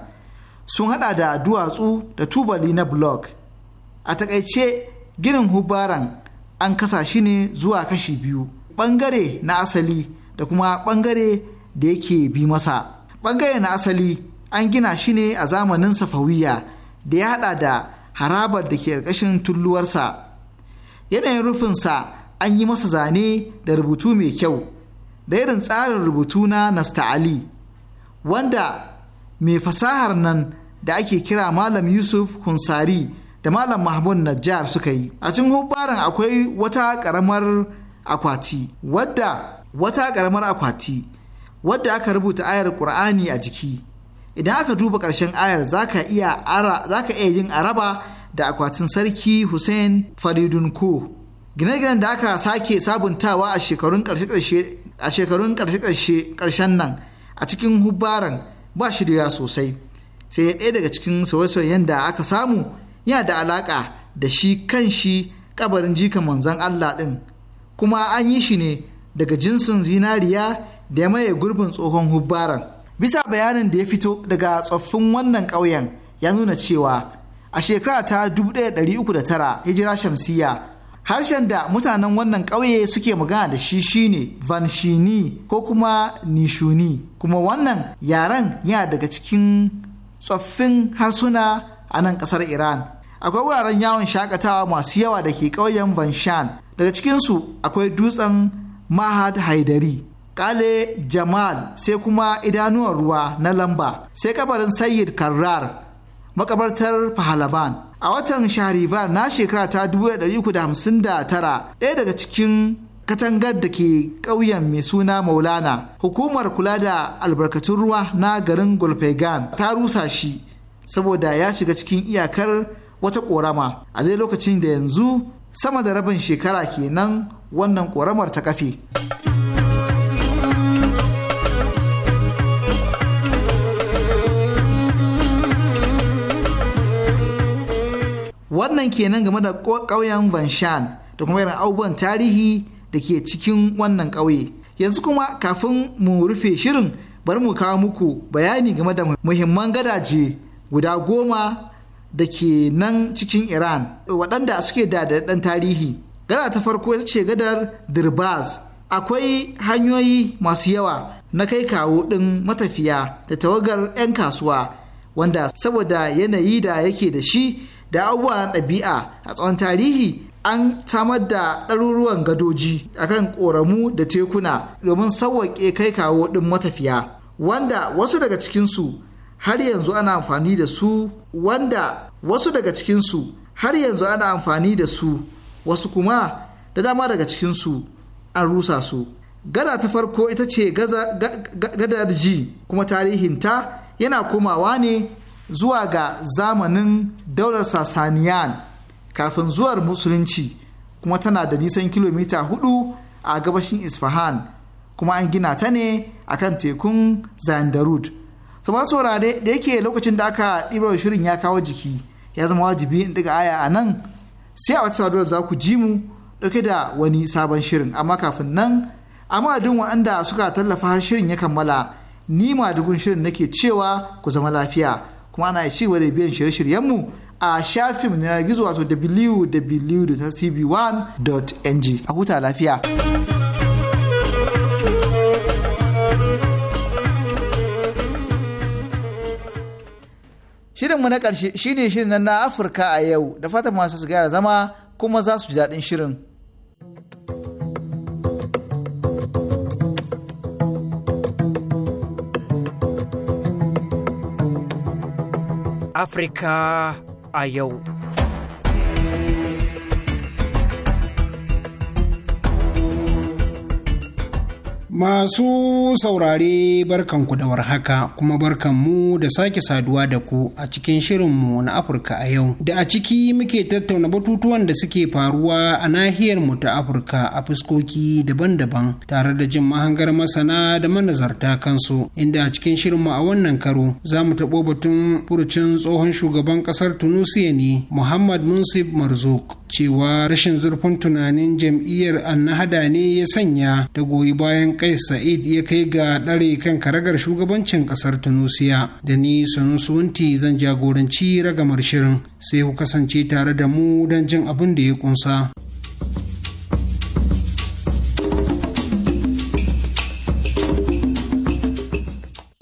sun hada da duwatsu da tubali na blog a takaice ginin hubbaran an kasa shi ne zuwa kashi biyu bangare na asali da kuma bangare da yake bi masa bangare na asali an gina shi ne a zamanin safawiya da ya hada da harabar da ke ƙarƙashin tulluwarsa yanayin rufinsa an yi masa zane da rubutu mai kyau da irin tsarin rubutu na nasta'ali wanda mai fasahar nan da ake kira malam yusuf hunsari da malam mahmud najjar suka yi a cikin hubbaran akwai wata karamar akwati wadda wata karamar akwati wadda aka rubuta ayar qur'ani a jiki idan aka duba ƙarshen ayar zaka iya iya yin araba da akwatin sarki hussein faridun ko gine-ginen da aka sake sabuntawa a shekarun karshe-karshen nan a cikin hubbaran ba shi da sosai sai ɗaya daga cikin sauye-sauyen da aka samu yana da alaƙa da shi kan shi kabarin jika manzon Allah ɗin kuma an yi shi ne daga jinsin zinariya da ya maye gurbin tsohon hubbaran bisa bayanin da ya fito daga tsoffin wannan ƙauyen ya nuna cewa a shekara ta 1309 hijira shamsiya harshen da mutanen wannan ƙauye suke magana da shi shine vanshini ko kuma nishuni kuma wannan yaren yana daga cikin tsoffin harsuna a nan ƙasar iran akwai wuraren yawon shakatawa masu yawa da ke ƙauyen vanshan daga cikinsu akwai dutsen mahad haidari kale jamal sai kuma idanuwar ruwa na lamba sai kabarin sayyid karrar makabartar Pahalaban. A watan Shahrivar na shekara ta tara ɗaya daga cikin katangar da ke ƙauyen mai suna Maulana, hukumar kula da albarkatun ruwa na garin Golfegan ta rusa shi saboda ya shiga cikin iyakar wata ƙorama a zai lokacin da yanzu sama da rabin shekara kenan wannan ƙoramar ta kafe. wannan kenan game da ƙauyen vanshan da kuma irin abubuwan tarihi da ke cikin wannan ƙauye yanzu kuma kafin mu rufe shirin bari mu kawo muku bayani game da muhimman gadaje guda goma da ke nan cikin iran waɗanda suke da daɗaɗɗen tarihi gada ta farko ita ce gadar dirbaz akwai hanyoyi masu yawa na kai kawo ɗin matafiya da tawagar 'yan kasuwa wanda saboda yanayi da yake da shi da abubuwan na ɗabi'a a tsawon tarihi an samar da ɗaruruwan gadoji akan ƙoramu da tekuna domin sauwaƙe kai kawo ɗin matafiya wanda wasu daga cikinsu har yanzu ana amfani da su wanda wasu daga cikinsu har yanzu ana amfani da su wasu kuma da dama daga cikinsu an rusa su gada ta farko ita ce gadar ji kuma tarihinta yana komawa ne zuwa ga zamanin daular sasaniyan kafin zuwar musulunci kuma tana da nisan kilomita hudu a gabashin isfahan kuma an gina ta ne a kan tekun zandarud sama saurare da yake lokacin da aka ɗibar shirin ya kawo jiki ya zama wajibi in daga aya a nan sai a wata saduwar za ku ji mu ɗauke da wani sabon shirin amma kafin nan a madadin waɗanda suka tallafa shirin ya kammala ni madugun shirin nake cewa ku zama lafiya kuma ana ci gaba da biyan shirye-shiryenmu a shafin na gizo wato www.cb1.ng a huta lafiya. Shirinmu na ƙarshe shine shirin na Afirka a yau da fatan masu su gyara zama kuma za su ji daɗin shirin. Afirka a yau. Masu saurare barkanku da warhaka kuma barkanmu da sake saduwa da ku a cikin shirinmu na Afirka a yau. Da a ciki muke tattauna batutuwan da suke faruwa a nahiyar mu ta Afirka a fuskoki daban-daban tare da jin mahangar masana da manazarta kansu inda a cikin shirinmu a wannan karo za mu taɓo batun furucin tsohon shugaban ƙasar Tunusiya ne Muhammad Munsif Marzouk cewa rashin zurfin tunanin jam'iyyar annahada ne ya sanya da goyi bayan kai sa'id ya kai ga ɗare kan karagar shugabancin ƙasar tunusiya da ni sunusunti zan jagoranci ragamar shirin sai ku kasance tare da mu don jin abin da ya kunsa.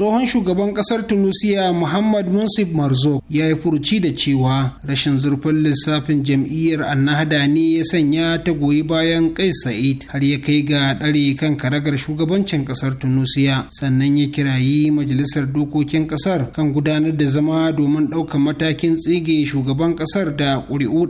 tsohon shugaban kasar tunisia muhammad munsif marzouk ya yi furuci da cewa rashin zurfin lissafin jam'iyyar annahda ne ya sanya ta goyi bayan kai sa'id har ya kai ga ɗare kan karagar shugabancin kasar tunisia sannan ya kirayi majalisar dokokin kasar kan gudanar da zama domin ɗaukar matakin tsige shugaban kasar da ƙuri'u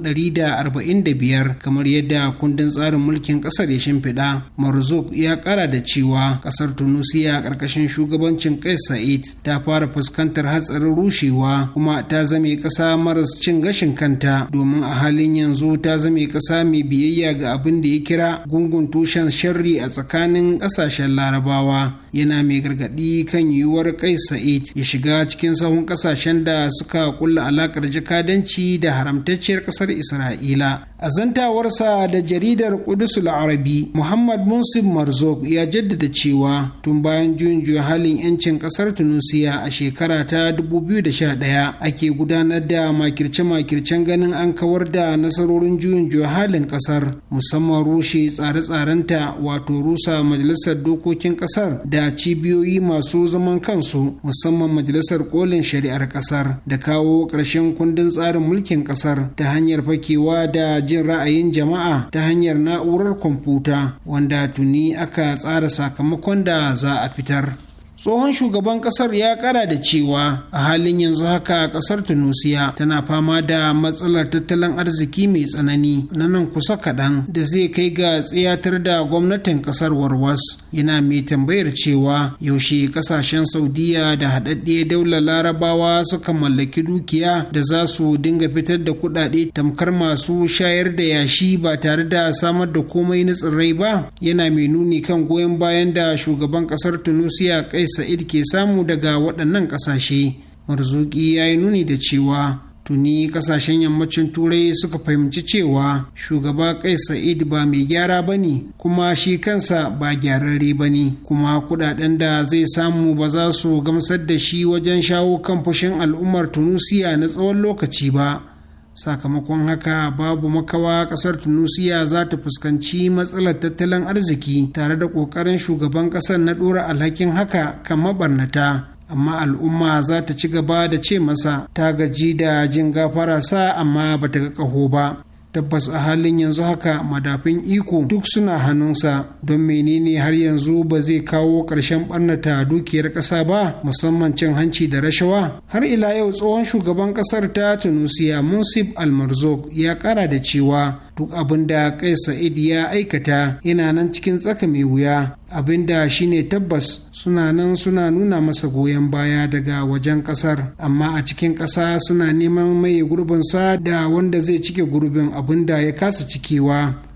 biyar kamar yadda kundin tsarin mulkin kasar ya shimfiɗa marzouk ya ƙara da cewa kasar tunisia ƙarƙashin shugabancin kai Said ta fara fuskantar hatsarin rushewa kuma ta zame ƙasa maras cin gashin kanta domin a halin yanzu ta zame ƙasa mai biyayya ga abin da ya kira gungun tushen sharri a tsakanin ƙasashen larabawa yana mai gargaɗi kan yiwuwar kai Said ya shiga cikin sahun ƙasashen da suka kulla alaƙar jakadanci da haramtacciyar ƙasar Isra'ila. A zantawarsa da jaridar Kudusul Arabi, Muhammad Munsif Marzok ya jaddada cewa tun bayan juyin halin 'yancin ƙasa kasar tunisia a shekara ta 2011 ake gudanar da makirce-makircen ganin an kawar da nasarorin juyin halin ƙasar musamman rushe tsare-tsarenta wato rusa majalisar dokokin ƙasar da cibiyoyi masu zaman kansu musamman majalisar kolin shari'ar ƙasar da kawo ƙarshen kundin tsarin mulkin ƙasar ta hanyar fakewa da jin ra'ayin jama'a ta hanyar na'urar kwamfuta wanda tuni aka tsara sakamakon da za a fitar. tsohon shugaban kasar ya kara da cewa a halin yanzu haka kasar tunisia tana fama da matsalar tattalin arziki mai tsanani na nan kusa kaɗan da zai kai ga tsayatar da gwamnatin kasar warwas yana mai tambayar cewa yaushe kasashen saudiya da haɗaɗɗe daular larabawa suka mallaki dukiya da za su dinga fitar da kuɗaɗe tamkar masu shayar da yashi ba tare da samar da komai na tsirrai ba yana mai nuni kan goyon bayan da shugaban kasar tunisia kai sa'id ke samu daga waɗannan ƙasashe marzuki ya yi nuni da cewa tuni ƙasashen yammacin turai suka fahimci cewa shugaba kai sa'id ba mai gyara ba ne kuma shi kansa ba gyararre ba ne kuma kuɗaɗen da zai samu ba za su gamsar da shi wajen shawo kan fushin al'ummar tunusiya na tsawon lokaci ba sakamakon haka babu makawa kasar tunisia za ta fuskanci matsalar tattalin arziki tare da ƙoƙarin shugaban ƙasar na ɗora alhakin haka kan mabarnata amma al'umma za ta ci gaba da ce masa ta gaji da jin gafara sa amma ba ta ga ƙaho ba tabbas a halin yanzu haka madafin iko duk suna hannunsa don menene har yanzu ba zai kawo ƙarshen ɓarnata dukiyar ƙasa ba musamman cin hanci da rashawa har ila yau tsohon shugaban ƙasar ta tunusiya musib almarzok ya ƙara da cewa duk abin da kai sa'id ya aikata yana nan cikin tsaka mai wuya abin da shi ne tabbas suna nan suna nuna masa goyon baya daga wajen kasar amma a cikin ƙasa suna neman mai gurbinsa da wanda zai cike gurbin abin da ya kasa cikewa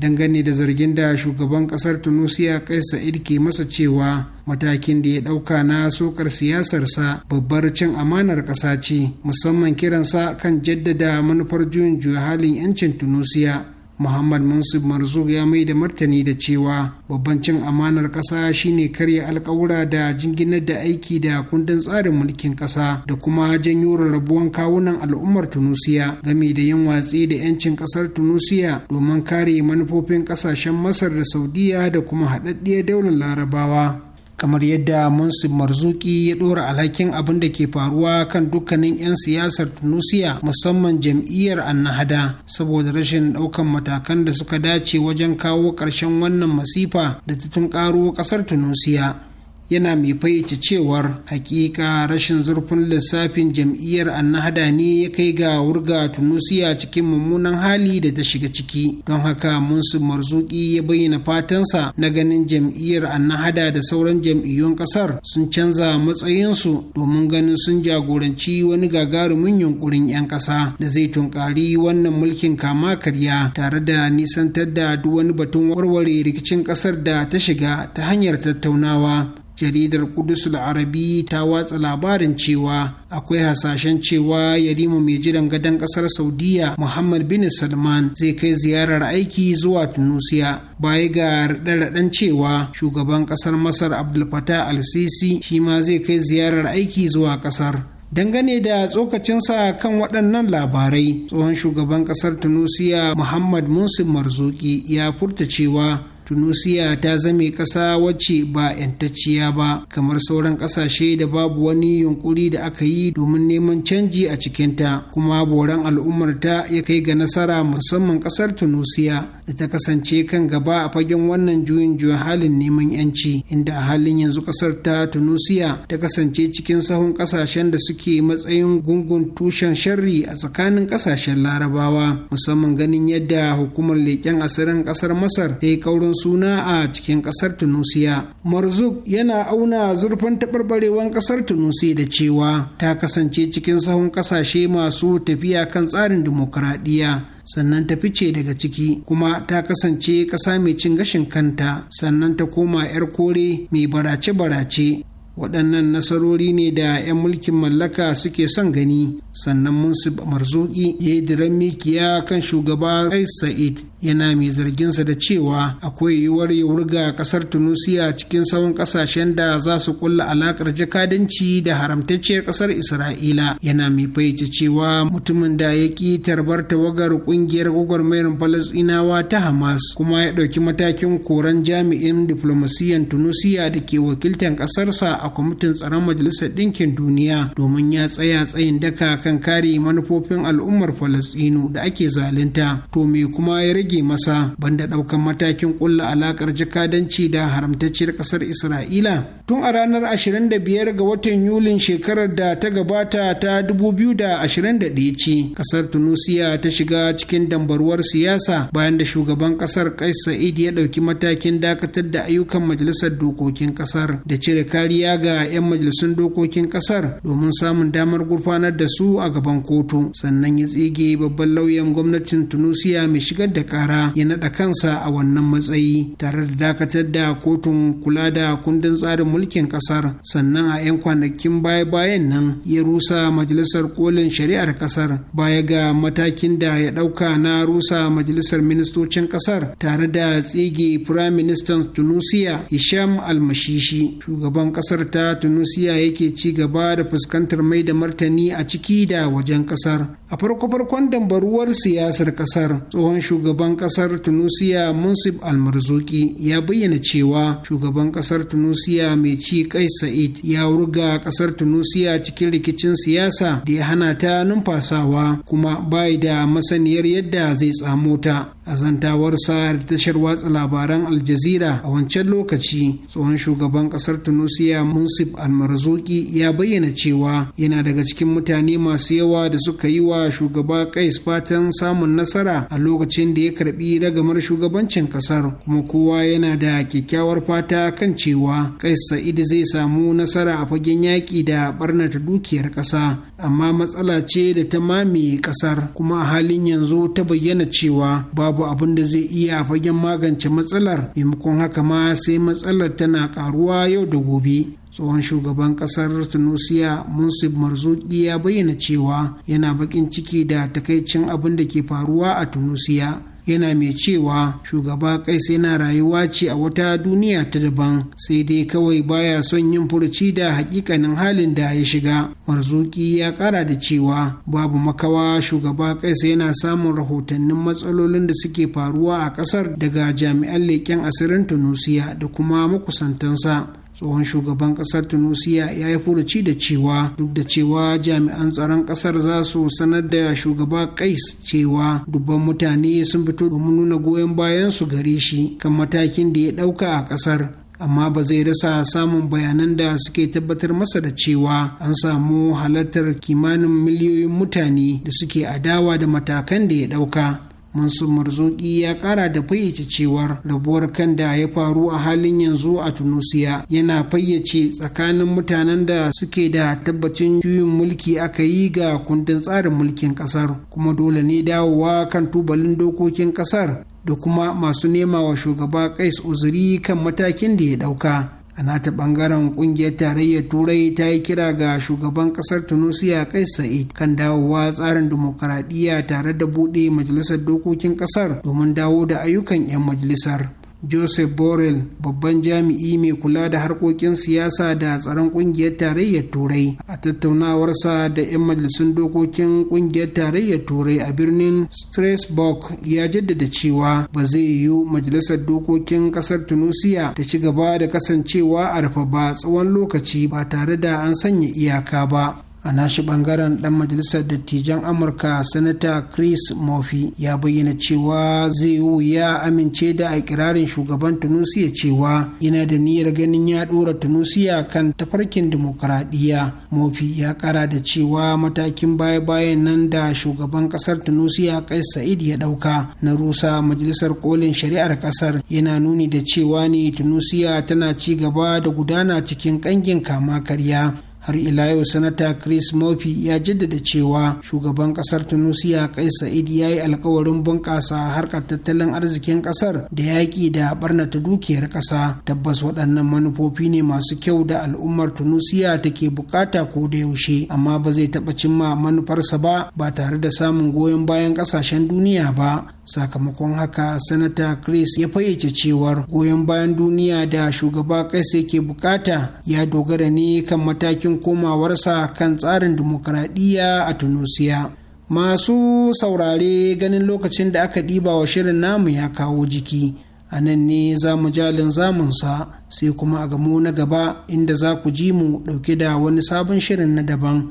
dangane da zargin da shugaban kasar tunisia kai sa'id ke masa cewa matakin da ya ɗauka na sokar siyasarsa babbar cin amanar ƙasa ce musamman kiransa kan jaddada manufar juyin juya halin 'yancin tunisia muhammad mansur marzuk ya mai da martani da cewa babban cin amanar ƙasa shine karya alƙawura da jinginar da aiki da kundin tsarin mulkin ƙasa da kuma janyo rarrabuwan kawunan al'ummar tunusiya game da yin watsi da 'yancin ƙasar tunusiya domin kare manufofin ƙasashen masar da saudiya da kuma haɗaɗɗiyar daular larabawa kamar yadda Munsif Marzuki ya ɗora alhakin abin da ke faruwa kan dukkanin 'yan siyasar Tunusiya musamman jam'iyyar Annahada saboda rashin ɗaukan matakan da suka dace wajen kawo ƙarshen wannan masifa da ta tunkaro ƙasar Tunusiya. yana mai fayyace cewar hakika rashin zurfin lissafin jam'iyyar annahada ne ya kai ga wurga tunusiya cikin mummunan hali da ta shiga ciki don haka munsu marzuki ya bayyana fatansa na ganin jam'iyyar annahada da sauran jam'iyyun kasar sun canza matsayinsu domin ganin sun jagoranci wani gagarumin yunkurin 'yan ƙasa da zai tunkari wannan mulkin kama karya tare da nisantar da duk wani batun warware rikicin ƙasar da ta shiga ta hanyar tattaunawa jaridar kudus arabi ta watsa labarin cewa akwai hasashen cewa yarima mai jiran gadon kasar saudiya muhammad bin salman zai kai ziyarar aiki zuwa tunusiya baya ga raɗe cewa shugaban kasar masar abdul fatah al-sisi shi ma zai kai ziyarar aiki zuwa kasar dangane da tsokacinsa kan waɗannan labarai tsohon shugaban ƙasar tunusiya muhammad musin marzuki ya furta cewa tunisiya ta zame ƙasa wacce ba 'yantacciya ba kamar sauran ƙasashe da babu wani yunkuri da aka yi domin neman canji a cikinta kuma boran al'ummarta ya kai ga nasara musamman ƙasar tunisiya da ta kasance kan gaba a fagen wannan juyin juyin halin neman 'yanci inda a halin yanzu ƙasar ta tunisiya ta kasance cikin sahun ƙasashen da suke matsayin gungun tushen sharri a tsakanin ƙasashen larabawa musamman ganin yadda hukumar leƙen asirin ƙasar masar ta yi kaurin suna a cikin ƙasar Tunusiya. Marzuk yana auna zurfin taɓarɓarewan ƙasar Tunusiya da cewa ta kasance cikin sahun ƙasashe masu tafiya kan tsarin dimokuraɗiyya. sannan ta fice daga ciki kuma ta kasance ƙasa mai cin gashin kanta sannan ta koma 'yar kore mai barace-barace waɗannan nasarori ne da 'yan mulkin mallaka suke son gani sannan munsu marzuki ya yi diran mikiya kan shugaba Qais Sa'id yana mai zarginsa da cewa akwai yiwuwar ya wurga kasar tunisia cikin sauran kasashen da za su kulla alakar jakadanci da haramtacciyar kasar isra'ila yana mai fahimci cewa mutumin da ya ki tarbar tawagar kungiyar gwagwarmayar falasinawa ta hamas kuma ya ɗauki matakin koran jami'in diflomasiyan tunisia da ke wakiltar kasarsa a kwamitin tsaron majalisar ɗinkin duniya domin ya tsaya tsayin daka kan kare manufofin al'ummar falasinu da ake zalunta to me kuma ya rage rage masa banda ɗaukan matakin ƙulla alakar jakadanci da haramtacciyar ƙasar Isra'ila. Tun a ranar 25 ga watan Yulin shekarar da ta gabata ta 2021 ce, ƙasar Tunusiya ta shiga cikin dambaruwar siyasa bayan da shugaban ƙasar Kais Sa'id ya ɗauki matakin dakatar da ayyukan majalisar dokokin ƙasar da cire kariya ga 'yan majalisun dokokin ƙasar domin samun damar gurfanar da su a gaban kotu sannan ya tsige babban lauyan gwamnatin tunisia mai shigar da kara ya naɗa kansa a wannan matsayi tare da dakatar da kotun kula da kundin tsarin mulkin kasar sannan a 'yan kwanakin baya-bayan nan ya rusa majalisar kolin shari'ar kasar baya ga matakin da ya ɗauka na rusa majalisar ministocin kasar tare da tsige prime minister tunisia hisham almashishi shugaban kasar ta tunisia yake ci gaba da fuskantar mai da martani a ciki da wajen kasar a farko-farkon dambaruwar siyasar kasar tsohon shugaban shugaban kasar tunisia munsif almarzuki ya bayyana cewa shugaban kasar tunisia mai ci kai sa'id ya wurga kasar tunisia cikin rikicin siyasa da ya hana ta numfasawa kuma bai da masaniyar yadda zai tsamo ta a sa da tashar watsa labaran aljazira a wancan lokaci tsohon shugaban kasar tunisia munsif almarzuki ya bayyana cewa yana daga cikin mutane masu yawa da suka yi wa shugaba kais fatan samun nasara a lokacin da ya karbi ragamar shugabancin kasar kuma kowa yana da kyakkyawar fata kan cewa kais sa'id zai samu nasara a fagen yaƙi da barnata dukiyar ƙasa amma matsala ce da ta mame ƙasar kuma a halin yanzu ta bayyana cewa ba babu abin da zai iya fagen magance matsalar maimakon haka ma sai matsalar tana karuwa yau da gobe tsohon shugaban kasar tunisia munsif marzuki ya bayyana cewa yana bakin ciki da takaicin abin da ke faruwa a tunisia yana mai cewa shugaba kai sai na rayuwa ce a wata duniya ta daban sai dai kawai baya son yin furci da hakikanin halin da ya shiga marzuki ya kara da cewa babu makawa shugaba kai sai yana samun rahotannin matsalolin da suke faruwa a kasar daga jami'an leƙen asirin tunusiya da kuma makusantansa tsohon shugaban kasar tunisia ya yi furuci da cewa duk da cewa jami'an tsaron kasar za su sanar da shugaba kais cewa dubban mutane sun fito domin nuna goyon bayan su gare shi kan matakin da ya ɗauka a kasar amma ba zai rasa samun bayanan da suke tabbatar masa da cewa an samu halartar kimanin miliyoyin mutane da suke adawa da matakan da ya ɗauka mansur marzuki ya kara da fayyace cewar rabuwar kan da ya faru a halin yanzu a tunusiya yana fayyace tsakanin mutanen da suke da tabbacin juyin mulki aka yi ga kundin tsarin mulkin kasar kuma dole ne dawowa kan tubalin dokokin kasar da kuma masu nema wa shugaba kais uzuri kan matakin da ya dauka a nata bangaren kungiyar tarayyar turai ta yi kira ga shugaban kasar tunisia kai sa'id kan dawowa tsarin dimokuraɗiyya tare da buɗe majalisar dokokin kasar domin dawo da ayyukan 'yan majalisar joseph borrell babban jami'i mai kula da harkokin siyasa da tsaron kungiyar tarayyar turai a tattaunawarsa da 'yan majalisun dokokin kungiyar tarayyar turai a birnin strasbourg ya jaddada cewa ba zai yiwu majalisar dokokin kasar tunisia ta ci gaba da kasancewa a rufe ba tsawon lokaci ba tare da an sanya iyaka ba a nashi bangaren dan majalisar dattijan amurka sanata chris murphy ya bayyana cewa zai ya amince da a ikirarin shugaban tunisia cewa yana da niyyar ganin ya dora tunisia kan tafarkin dimokuraɗiyya murphy ya kara da cewa matakin baya-bayan nan da shugaban kasar tunisia kai sa'id ya dauka na rusa majalisar kolin shari'ar kasar yana nuni da cewa ne tunisia tana ci gaba da gudana cikin kangin kama karya har ila yau sanata chris murphy ya jaddada cewa shugaban kasar tunisia kai sa'id ya yi alkawarin bunƙasa harkar tattalin arzikin kasar da yaƙi da barnata dukiyar ƙasa tabbas waɗannan manufofi ne masu kyau da al'ummar tunisia take bukata ko da yaushe amma ba zai taɓa cimma manufarsa ba ba tare da samun goyon bayan ƙasashen duniya ba sakamakon haka sanata chris ya fayyace cewar goyon bayan duniya da shugaba kai ke bukata ya dogara ne kan matakin komawarsa kan tsarin dimokuraɗiyya a tunusiya masu saurare ganin lokacin da aka ɗiba wa shirin namu ya kawo jiki a nan ne za mu jalin zamunsa sai kuma a gamo na gaba inda za ku ji mu ɗauke da wani sabon shirin na daban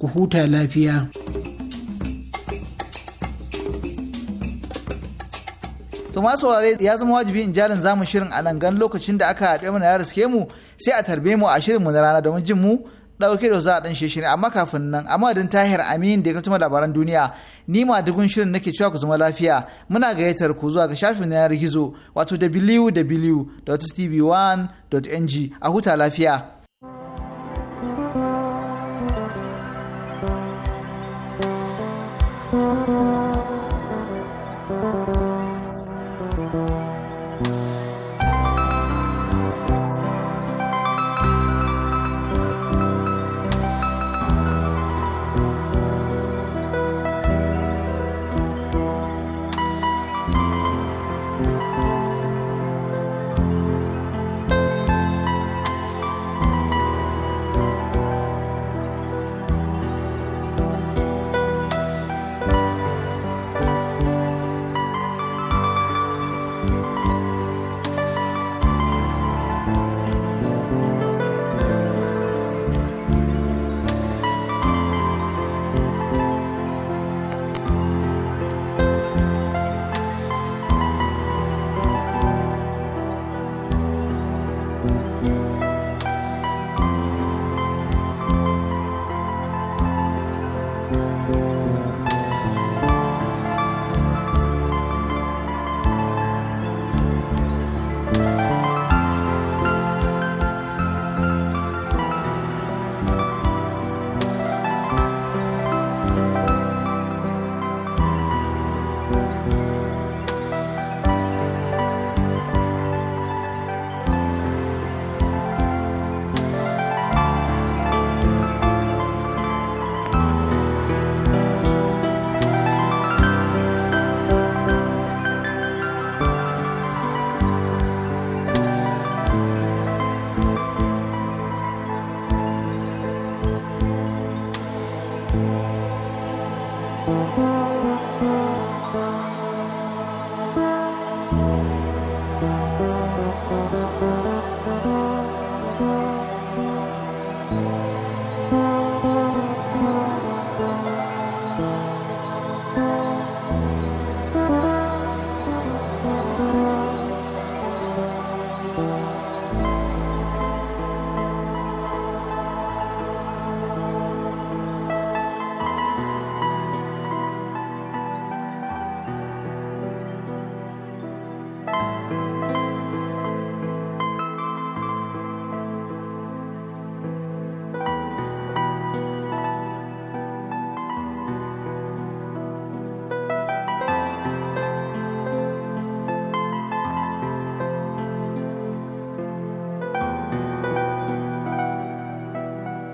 ku huta lafiya. to ma saurare ya zama wajibi in jalin zamu shirin a nan gan lokacin da aka haɗe mana ya riske mu sai a tarbe mu a shirin mu na rana domin jin mu ɗauke da za a ɗan ne amma kafin nan amma din tahir amin da ya kuma labaran duniya ni ma dugun shirin nake cewa ku zama lafiya muna gayyatar ku zuwa ga shafin yanar gizo wato www.tv1.ng a huta lafiya.